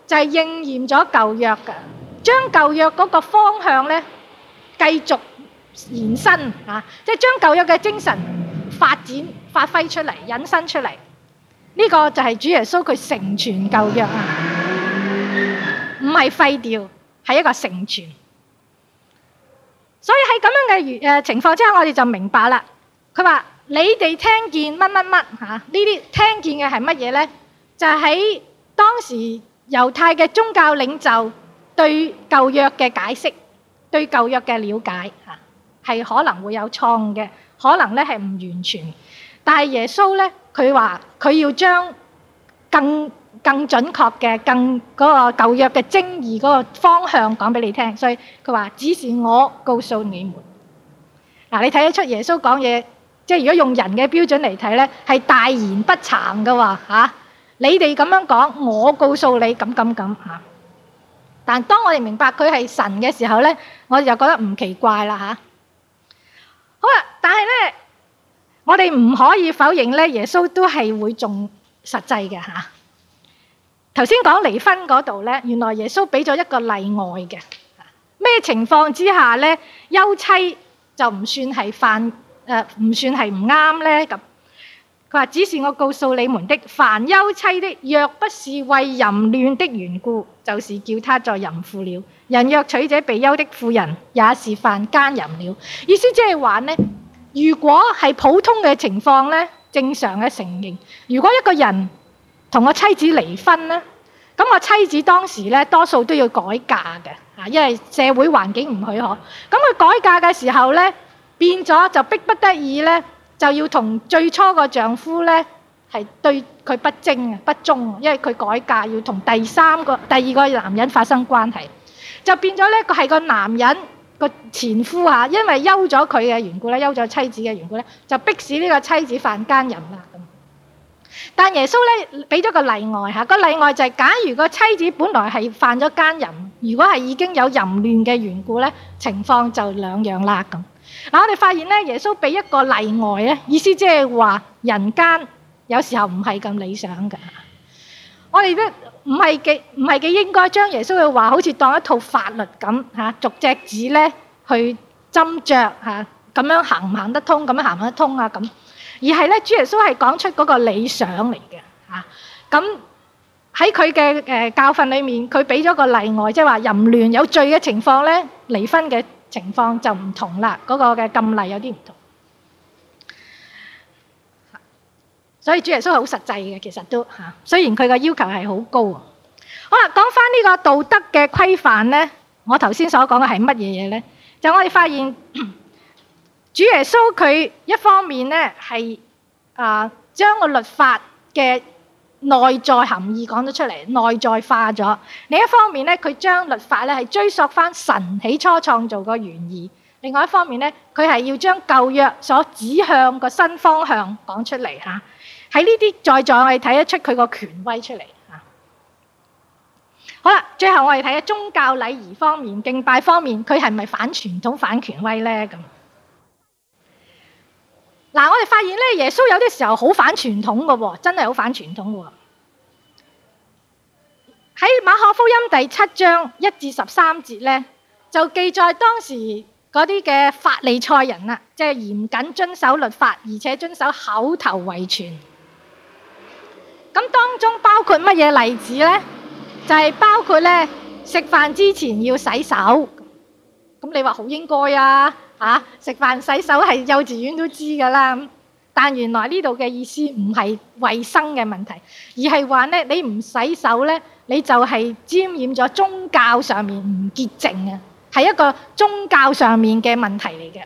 就係應驗咗舊約嘅，將舊約嗰個方向咧繼續延伸啊，即係將舊約嘅精神發展發揮出嚟，引申出嚟呢個就係主耶穌佢成全舊約啊，唔係廢掉，係一個成全。所以喺咁樣嘅誒情況之下，我哋就明白啦。佢話你哋聽見乜乜乜嚇，呢啲聽見嘅係乜嘢咧？就係喺當時。猶太嘅宗教領袖對舊約嘅解釋、對舊約嘅瞭解嚇，係可能會有錯誤嘅，可能咧係唔完全。但係耶穌咧，佢話佢要將更更準確嘅、更嗰個舊約嘅精義嗰個方向講俾你聽，所以佢話只是我告訴你們。嗱，你睇得出耶穌講嘢，即係如果用人嘅標準嚟睇咧，係大言不慚嘅話嚇。你哋咁樣講，我告訴你咁咁咁嚇。但當我哋明白佢係神嘅時候咧，我就覺得唔奇怪啦嚇。好啦，但係咧，我哋唔可以否認咧，耶穌都係會仲實際嘅嚇。頭先講離婚嗰度咧，原來耶穌俾咗一個例外嘅，咩情況之下咧，休妻就唔算係犯，誒唔算係唔啱咧咁。佢話：只是我告訴你們的，凡休妻的，若不是為淫亂的緣故，就是叫他作淫婦了。人若娶這被休的婦人，也是犯奸淫了。意思即係話呢，如果係普通嘅情況呢，正常嘅承認，如果一個人同個妻子離婚呢，咁我妻子當時呢，多數都要改嫁嘅，因為社會環境唔許可。咁佢改嫁嘅時候呢，變咗就迫不得已呢。就要同最初個丈夫咧係對佢不貞啊、不忠啊，因為佢改嫁要同第三個、第二個男人發生關係，就變咗咧個係個男人個前夫嚇，因為休咗佢嘅緣故咧，休咗妻子嘅緣故咧，就迫使呢個妻子犯奸淫啦。但耶穌咧俾咗個例外嚇，個例外就係假如個妻子本來係犯咗奸淫，如果係已經有淫亂嘅緣故咧，情況就兩樣啦咁。嗱，我哋發現咧，耶穌俾一個例外咧，意思即係話，人間有時候唔係咁理想嘅。我哋都唔係幾唔係幾應該將耶穌嘅話好似當一套法律咁嚇，逐隻字咧去斟酌嚇，咁樣行唔行得通，咁樣行得通啊咁。而係咧，主耶穌係講出嗰個理想嚟嘅嚇。咁喺佢嘅誒教訓裏面，佢俾咗個例外，即係話淫亂有罪嘅情況咧，離婚嘅。情況就唔同啦，嗰個嘅禁例有啲唔同。所以主耶穌係好實際嘅，其實都嚇。雖然佢嘅要求係好高。好啦，講返呢個道德嘅規範呢。我頭先所講嘅係乜嘢嘢呢？就我哋發現，主耶穌佢一方面呢係啊將個律法嘅。內在含義講咗出嚟，內在化咗。另一方面咧，佢將律法咧係追溯翻神起初創造個原意。另外一方面咧，佢係要將舊約所指向個新方向講出嚟嚇。喺呢啲在在我哋睇得出佢個權威出嚟嚇。好啦，最後我哋睇下宗教禮儀方面、敬拜方面，佢係咪反傳統、反權威咧咁？嗱，我哋發現咧，耶穌有啲時候好反傳統嘅喎，真係好反傳統嘅喎。喺馬可福音第七章一至十三節咧，就記載當時嗰啲嘅法利賽人啊，即係嚴謹遵守律法，而且遵守口頭遺傳。咁當中包括乜嘢例子咧？就係包括咧，食飯之前要洗手。咁你話好應該啊？啊！食飯洗手係幼稚園都知噶啦，但原來呢度嘅意思唔係衞生嘅問題，而係話呢你唔洗手呢，你就係沾染咗宗教上面唔潔淨啊，係一個宗教上面嘅問題嚟嘅。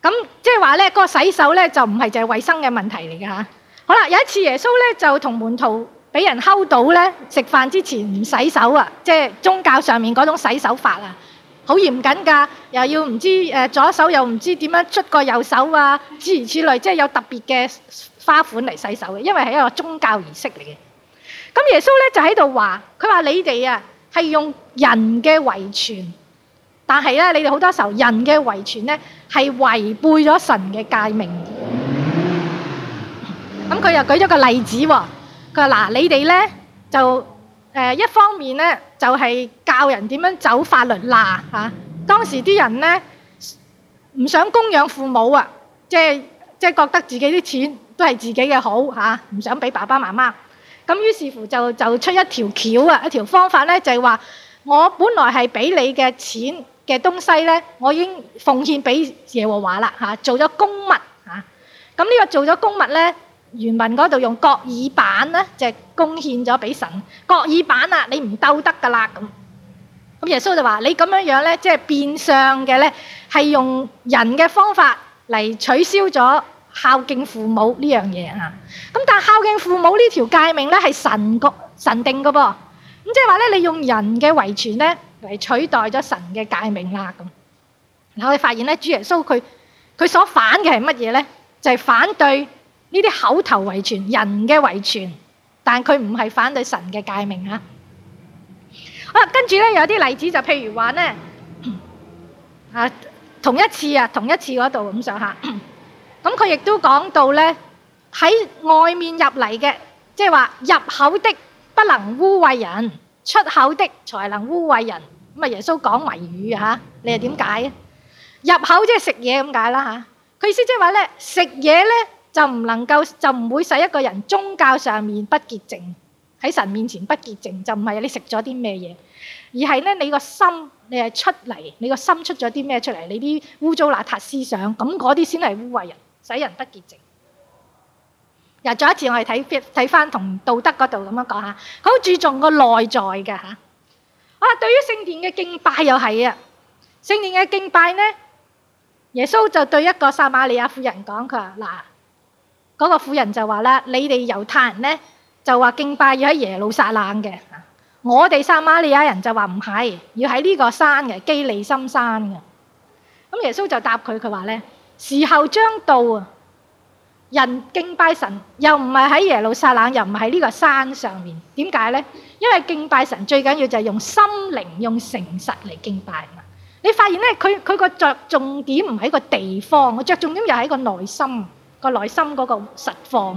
咁即係話呢，嗰個洗手呢，就唔係淨係衞生嘅問題嚟嘅嚇。好啦，有一次耶穌呢，就同門徒俾人溝到呢，食飯之前唔洗手啊，即係宗教上面嗰種洗手法啊。好嚴謹㗎，又要唔知誒左手又唔知點樣出個右手啊，諸如此類，即係有特別嘅花款嚟洗手嘅，因為係一個宗教儀式嚟嘅。咁耶穌咧就喺度話，佢話你哋啊係用人嘅遺傳，但係咧你哋好多時候人嘅遺傳咧係違背咗神嘅戒命。咁佢又舉咗個例子喎，佢話嗱你哋咧就誒一方面咧就係。.教人點樣走法律啦嚇、啊，當時啲人呢，唔想供養父母啊，即係即係覺得自己啲錢都係自己嘅好嚇，唔、啊、想俾爸爸媽媽咁，於是乎就就出一條橋啊，一條方法呢，就係、是、話我本來係俾你嘅錢嘅東西呢，我已經奉獻俾耶和華啦嚇，做咗公物嚇。咁、啊、呢個做咗公物呢，原文嗰度用各耳板呢，就貢獻咗俾神各耳板啊，你唔鬥得㗎啦咁。咁耶穌就話：你咁樣樣咧，即係變相嘅咧，係用人嘅方法嚟取消咗孝敬父母呢樣嘢啊！咁但孝敬父母呢條誡命咧，係神，神定嘅噃。咁即係話咧，你用人嘅遺傳咧嚟取代咗神嘅誡命啦。咁，我哋發現咧，主耶穌佢佢所反嘅係乜嘢咧？就係、係、反對呢啲口頭遺傳、人嘅遺傳，但佢唔係反對神嘅誡命啊！啊、跟住呢，有啲例子就譬如話呢，啊同一次啊同一次嗰度咁上下，咁佢亦都講到呢，喺外面入嚟嘅，即係話入口的不能污穢人，出口的才能污穢人。咁啊耶穌講謎語嚇，你又點解？入口即係食嘢咁解啦嚇，佢意思即係話呢，食嘢呢，就唔能夠就唔會使一個人宗教上面不潔淨。喺神面前不潔淨，就唔係你食咗啲咩嘢，而係咧你個心你係出嚟，你個心出咗啲咩出嚟？你啲污糟邋遢思想，咁嗰啲先係污穢人，使人不潔淨。又再一次我係睇睇翻同道德嗰度咁樣講嚇，好注重個內在嘅嚇。啊，對於聖殿嘅敬拜又係啊，聖殿嘅敬拜咧，耶穌就對一個撒瑪利亞婦人講，佢話嗱，嗰、那個婦人就話啦，你哋猶太人咧。就話敬拜要喺耶路撒冷嘅，我哋撒瑪利亞人就話唔係，要喺呢個山嘅基利心山嘅。咁耶穌就答佢，佢話咧：時候將到啊，人敬拜神又唔係喺耶路撒冷，又唔係呢個山上面。點解咧？因為敬拜神最緊要就係用心靈、用誠實嚟敬拜啊！你發現咧，佢佢個著重點唔喺個地方，我著重點又喺個內心，個內心嗰個實況。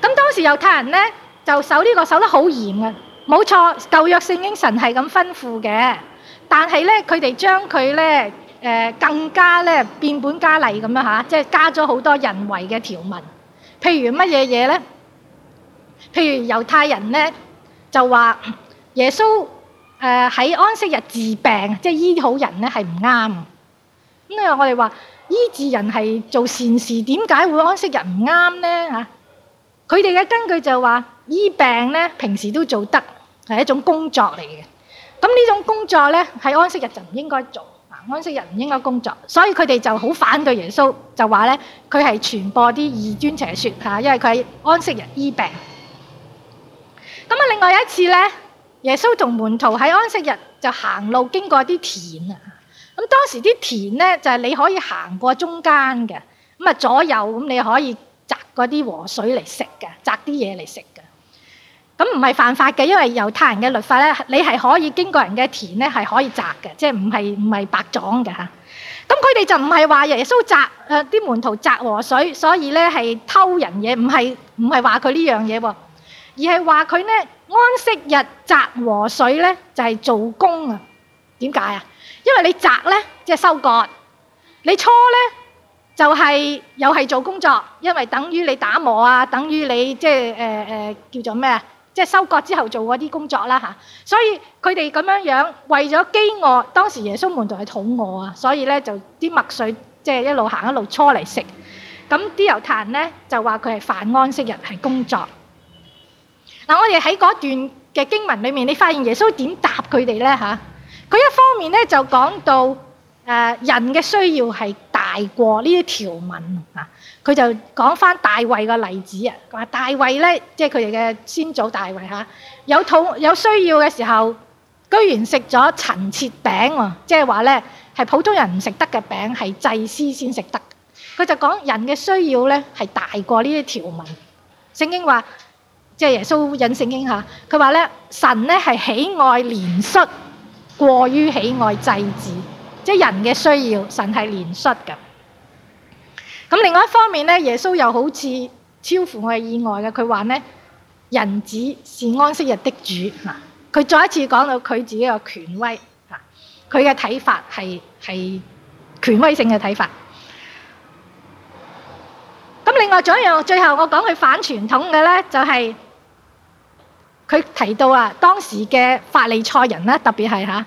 咁當時猶太人咧就守呢個守得好嚴嘅，冇錯，舊約聖經神係咁吩咐嘅。但係咧，佢哋將佢咧誒更加咧變本加厲咁樣嚇，即係加咗好多人為嘅條文。譬如乜嘢嘢咧？譬如猶太人咧就話耶穌誒喺安息日治病，即係醫好人咧係唔啱。咁咧我哋話醫治人係做善事，點解會安息日唔啱咧嚇？佢哋嘅根據就話醫病咧，平時都做得，係一種工作嚟嘅。咁呢種工作咧，喺安息日就唔應該做啊！安息日唔應該工作，所以佢哋就好反對耶穌，就話咧佢係傳播啲異端邪説嚇，因為佢喺安息日醫病。咁啊，另外一次咧，耶穌同門徒喺安息日就行路經過啲田啊。咁當時啲田咧就係、是、你可以行過中間嘅，咁啊左右咁你可以。嗰啲禾穗嚟食嘅，摘啲嘢嚟食嘅，咁唔係犯法嘅，因為猶太人嘅律法咧，你係可以經過人嘅田咧，係可以摘嘅，即係唔係唔係白撞嘅嚇。咁佢哋就唔係話耶穌摘誒啲門徒摘禾穗，所以咧係偷人嘢，唔係唔係話佢呢樣嘢喎，而係話佢咧安息日摘禾穗咧就係、是、做工啊？點解啊？因為你摘咧即係收割，你搓咧。就係又係做工作，因為等於你打磨啊，等於你即係誒誒叫做咩啊，即係收割之後做嗰啲工作啦嚇。所以佢哋咁樣樣為咗飢餓，當時耶穌門徒係肚餓啊，所以咧就啲麥穗即係一路行一路搓嚟食。咁啲猶太人咧就話佢係犯安息日係工作。嗱，我哋喺嗰段嘅經文裏面，你發現耶穌點答佢哋咧嚇？佢一方面咧就講到誒人嘅需要係。過這他說大過呢啲條文啊，佢就講返大衛嘅例子啊，話大衛呢，即係佢哋嘅先祖大衛嚇，有痛有需要嘅時候，居然食咗陳設餅喎，即係話呢，係普通人唔食得嘅餅，係祭司先食得。佢就講人嘅需要呢，係大過呢啲條文。聖經話，即係耶穌引聖經嚇，佢話呢，神呢，係喜愛憐恤，過於喜愛祭祀。即係人嘅需要，神係憐恤嘅。咁另外一方面咧，耶穌又好似超乎我嘅意外嘅，佢話咧：人子是安息日的主。佢再一次講到佢自己嘅權威。佢嘅睇法係係權威性嘅睇法。咁另外仲一樣，最後我講佢反傳統嘅咧，就係、是、佢提到啊，當時嘅法利賽人咧，特別係嚇。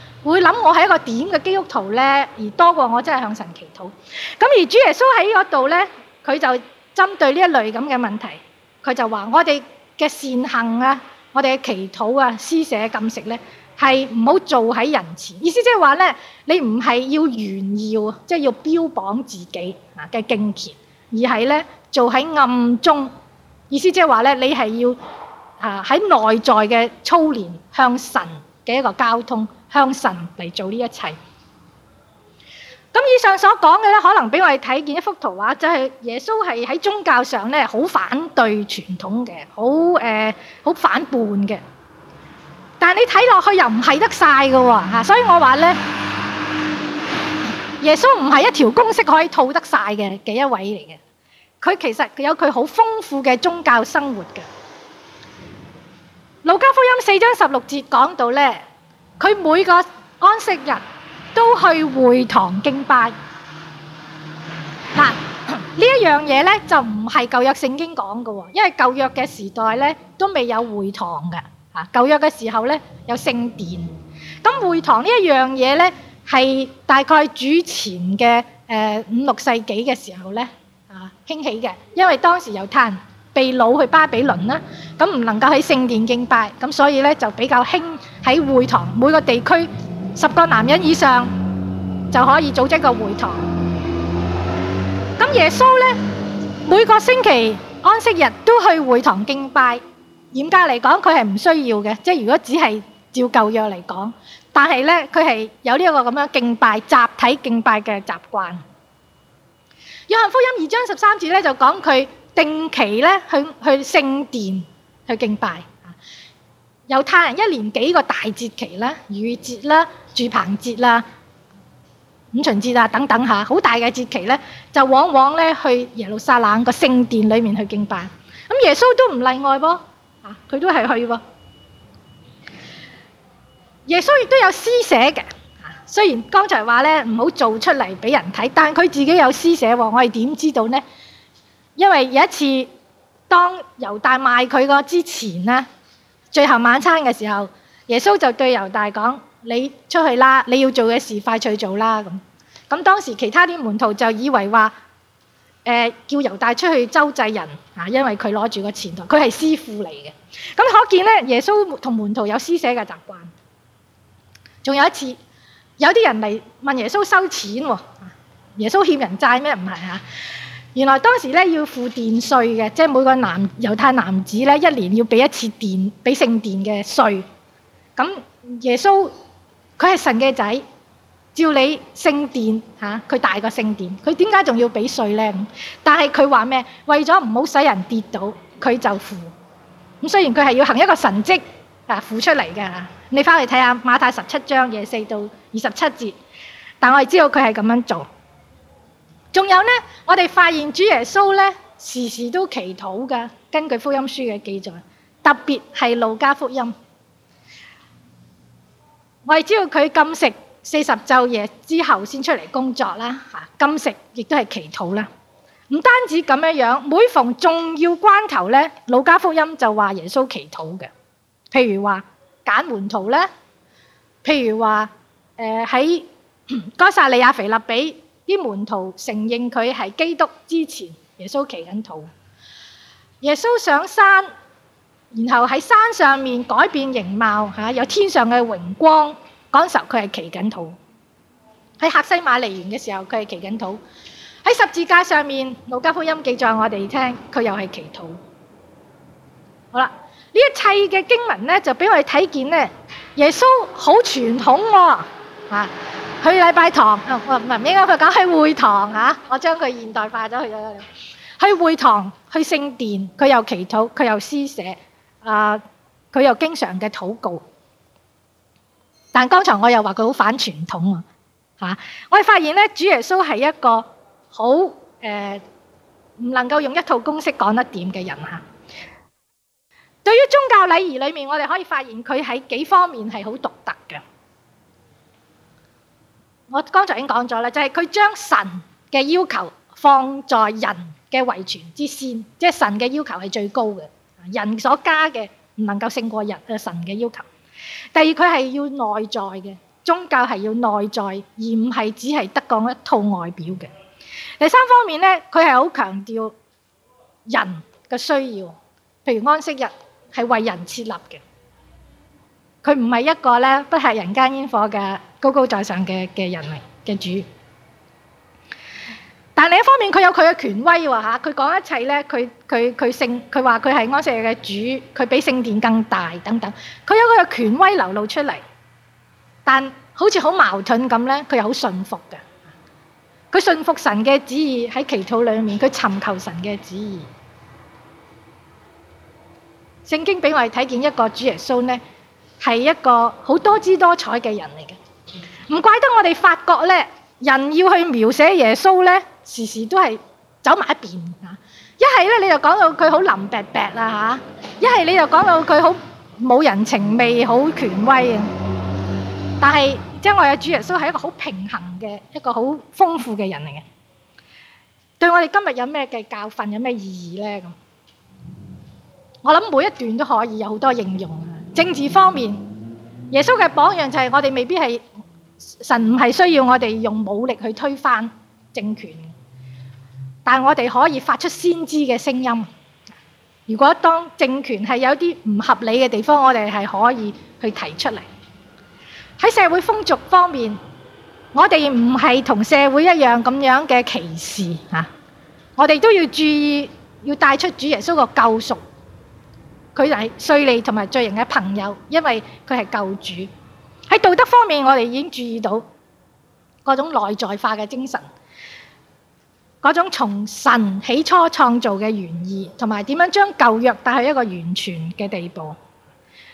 會諗我係一個點嘅基督徒呢，而多過我真係向神祈禱。咁而主耶穌喺嗰度呢，佢就針對呢一類咁嘅問題，佢就話：我哋嘅善行啊，我哋嘅祈禱啊、施捨禁食呢，係唔好做喺人前。意思即係話呢，你唔係要炫耀，即係要標榜自己啊嘅敬虔，而係呢，做喺暗中。意思即係話呢，你係要啊喺內在嘅操練，向神嘅一個交通。向神嚟做呢一切。咁以上所講嘅咧，可能俾我哋睇見一幅圖畫，就係耶穌係喺宗教上咧，好反對傳統嘅，好誒，好反叛嘅。但係你睇落去又唔係得曬嘅喎嚇，所以我話咧，耶穌唔係一條公式可以套得曬嘅嘅一位嚟嘅。佢其實有佢好豐富嘅宗教生活嘅。路加福音四章十六節講到咧。佢每個安息日都去會堂敬拜。嗱，呢一樣嘢咧就唔係舊約聖經講嘅喎，因為舊約嘅時代咧都未有會堂嘅。嚇，舊約嘅時候咧有聖殿。咁會堂呢一樣嘢咧係大概主前嘅誒五六世紀嘅時候咧啊興起嘅，因為當時有攤。被擄去巴比倫啦，咁唔能夠喺聖殿敬拜，咁所以咧就比較興喺會堂，每個地區十個男人以上就可以組織個會堂。咁耶穌咧每個星期安息日都去會堂敬拜，嚴格嚟講佢係唔需要嘅，即係如果只係照舊約嚟講，但係咧佢係有呢一個咁樣敬拜集體敬拜嘅習慣。約翰福音二章十三節咧就講佢。定期咧去去聖殿去敬拜，猶太人一年幾個大節期啦，逾越節啦、住棚節啦、五旬節啊等等嚇，好大嘅節期咧，就往往咧去耶路撒冷個聖殿裡面去敬拜。咁耶穌都唔例外噃，嚇佢都係去喎。耶穌亦都有施捨嘅，雖然剛才話咧唔好做出嚟俾人睇，但係佢自己有施捨喎，我係點知道咧？因為有一次，當猶大賣佢個之前呢，最後晚餐嘅時候，耶穌就對猶大講：你出去啦，你要做嘅事快脆做啦咁。咁當時其他啲門徒就以為話：誒、呃、叫猶大出去周濟人啊，因為佢攞住個錢袋，佢係師傅嚟嘅。咁可見呢，耶穌同門徒有施捨嘅習慣。仲有一次，有啲人嚟問耶穌收錢喎，耶穌欠人債咩？唔係啊。原來當時咧要付殿稅嘅，即係每個男猶太男子咧一年要俾一次殿俾聖殿嘅稅。咁耶穌佢係神嘅仔，照你聖殿嚇，佢大過聖殿，佢點解仲要俾稅咧？但係佢話咩？為咗唔好使人跌倒，佢就付。咁雖然佢係要行一個神蹟啊，付出嚟嘅嚇，你翻去睇下馬太十七章嘅四到二十七節，但我哋知道佢係咁樣做。仲有呢，我哋發現主耶穌呢時時都祈禱㗎，根據福音書嘅記載，特別係路加福音。我係知道佢禁食四十晝夜之後先出嚟工作啦，嚇禁食亦都係祈禱啦。唔單止咁樣樣，每逢重要關頭呢，路加福音就話耶穌祈禱嘅。譬如話揀門徒呢，譬如話誒喺該撒利亞腓立比。啲門徒承認佢係基督之前，耶穌祈緊禱。耶穌上山，然後喺山上面改變形貌，吓有天上嘅榮光嗰陣時，佢係祈緊禱。喺客西馬尼園嘅時候，佢係祈緊禱。喺十字架上面，路加福音記載我哋聽，佢又係祈禱。好啦，呢一切嘅經文咧，就俾我哋睇見咧，耶穌好傳統，吓。去禮拜堂，唔唔唔，唔應該佢講去會堂嚇。我將佢現代化咗去咗。去會堂、去聖殿，佢又祈禱，佢又施捨啊，佢又經常嘅禱告。但係剛才我又話佢好反傳統啊！嚇，我哋發現咧，主耶穌係一個好誒，唔能夠用一套公式講得掂嘅人嚇、啊。對於宗教禮儀裏面，我哋可以發現佢喺幾方面係好獨特嘅。我剛才已經講咗啦，就係佢將神嘅要求放在人嘅遺傳之先，即係神嘅要求係最高嘅，人所加嘅唔能夠勝過人嘅神嘅要求。第二，佢係要內在嘅，宗教係要內在，而唔係只係得講一套外表嘅。第三方面呢，佢係好強調人嘅需要，譬如安息日，係為人設立嘅，佢唔係一個呢，不食人間煙火嘅，高高在上嘅嘅人嚟嘅主，但另一方面佢有佢嘅權威喎嚇，佢講一切咧，佢佢佢姓，佢話佢係安息嘅主，佢比聖殿更大等等，佢有佢嘅權威流露出嚟，但好似好矛盾咁咧，佢又好信服嘅，佢信服神嘅旨意喺祈禱裏面，佢尋求神嘅旨意。聖經俾我哋睇見一個主耶穌咧，係一個好多姿多彩嘅人嚟嘅。唔怪得我哋發覺咧，人要去描寫耶穌咧，時時都係走埋一邊嚇。一係咧，你就講到佢好冷冰冰啦嚇；一係你就講到佢好冇人情味、好權威。但係，即係我嘅主耶穌係一個好平衡嘅一個好豐富嘅人嚟嘅。對我哋今日有咩嘅教訓、有咩意義咧？咁我諗每一段都可以有好多應用啊！政治方面，耶穌嘅榜樣就係我哋未必係。神唔係需要我哋用武力去推翻政權，但係我哋可以發出先知嘅聲音。如果當政權係有啲唔合理嘅地方，我哋係可以去提出嚟。喺社會風俗方面，我哋唔係同社會一樣咁樣嘅歧視嚇，我哋都要注意要帶出主耶穌個救贖。佢係稅吏同埋罪人嘅朋友，因為佢係救主。喺道德方面，我哋已經注意到嗰種內在化嘅精神，嗰種從神起初創造嘅原意，同埋點樣將舊約帶去一個完全嘅地步。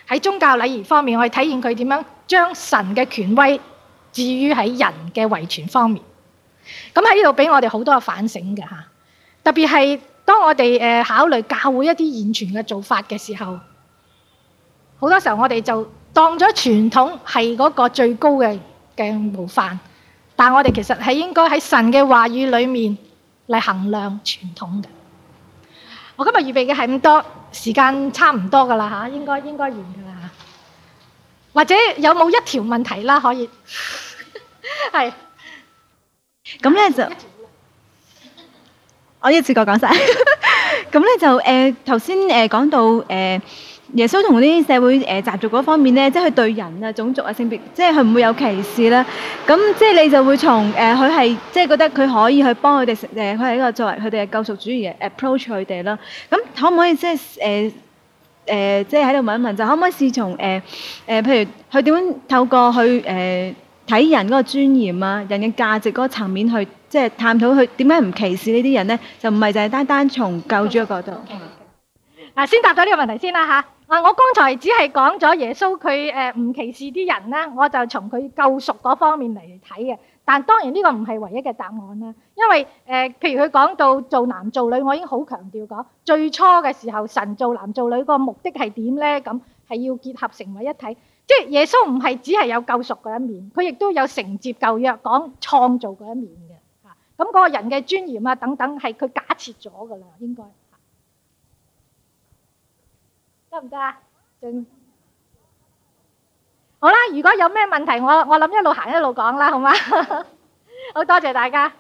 喺宗教禮儀方面，我哋體驗佢點樣將神嘅權威置於喺人嘅遺傳方面。咁喺呢度俾我哋好多嘅反省嘅嚇。特別係當我哋誒考慮教會一啲現存嘅做法嘅時候，好多時候我哋就。當咗傳統係嗰個最高嘅嘅模範，但係我哋其實係應該喺神嘅話語裏面嚟衡量傳統嘅。我今日預備嘅係咁多，時間差唔多噶啦吓，應該應該完噶啦吓。或者有冇一條問題啦？可以係咁咧就，我一次過講晒。咁咧就誒，頭先誒講到誒。耶穌同啲社會誒習俗嗰方面呢，即係佢對人啊、種族啊、性別，即係佢唔會有歧視啦。咁即係你就會從誒佢係即係覺得佢可以去幫佢哋，誒佢係一個作為佢哋嘅救贖主義嘅 approach 佢哋啦。咁可唔可以即係誒誒即係喺度問一問，就可唔可以試從誒誒譬如佢點樣透過去誒睇、呃、人嗰個尊嚴啊、人嘅價值嗰個層面去即係探討佢點解唔歧視呢啲人呢？就唔係就係單單從救主角度。Okay. 嗱，先答咗呢個問題先啦嚇。嗱，我剛才只係講咗耶穌佢誒唔歧視啲人啦，我就從佢救贖嗰方面嚟睇嘅。但當然呢個唔係唯一嘅答案啦，因為誒譬如佢講到做男做女，我已經好強調講最初嘅時候神做男做女個目的係點咧？咁係要結合成為一體，即係耶穌唔係只係有救贖嗰一面，佢亦都有承接舊約講創造嗰一面嘅。嚇，咁嗰個人嘅尊嚴啊等等，係佢假設咗㗎啦，應該。得唔得啊？好啦，如果有咩問題，我我諗，一路行一路講啦，好嗎？好多謝大家。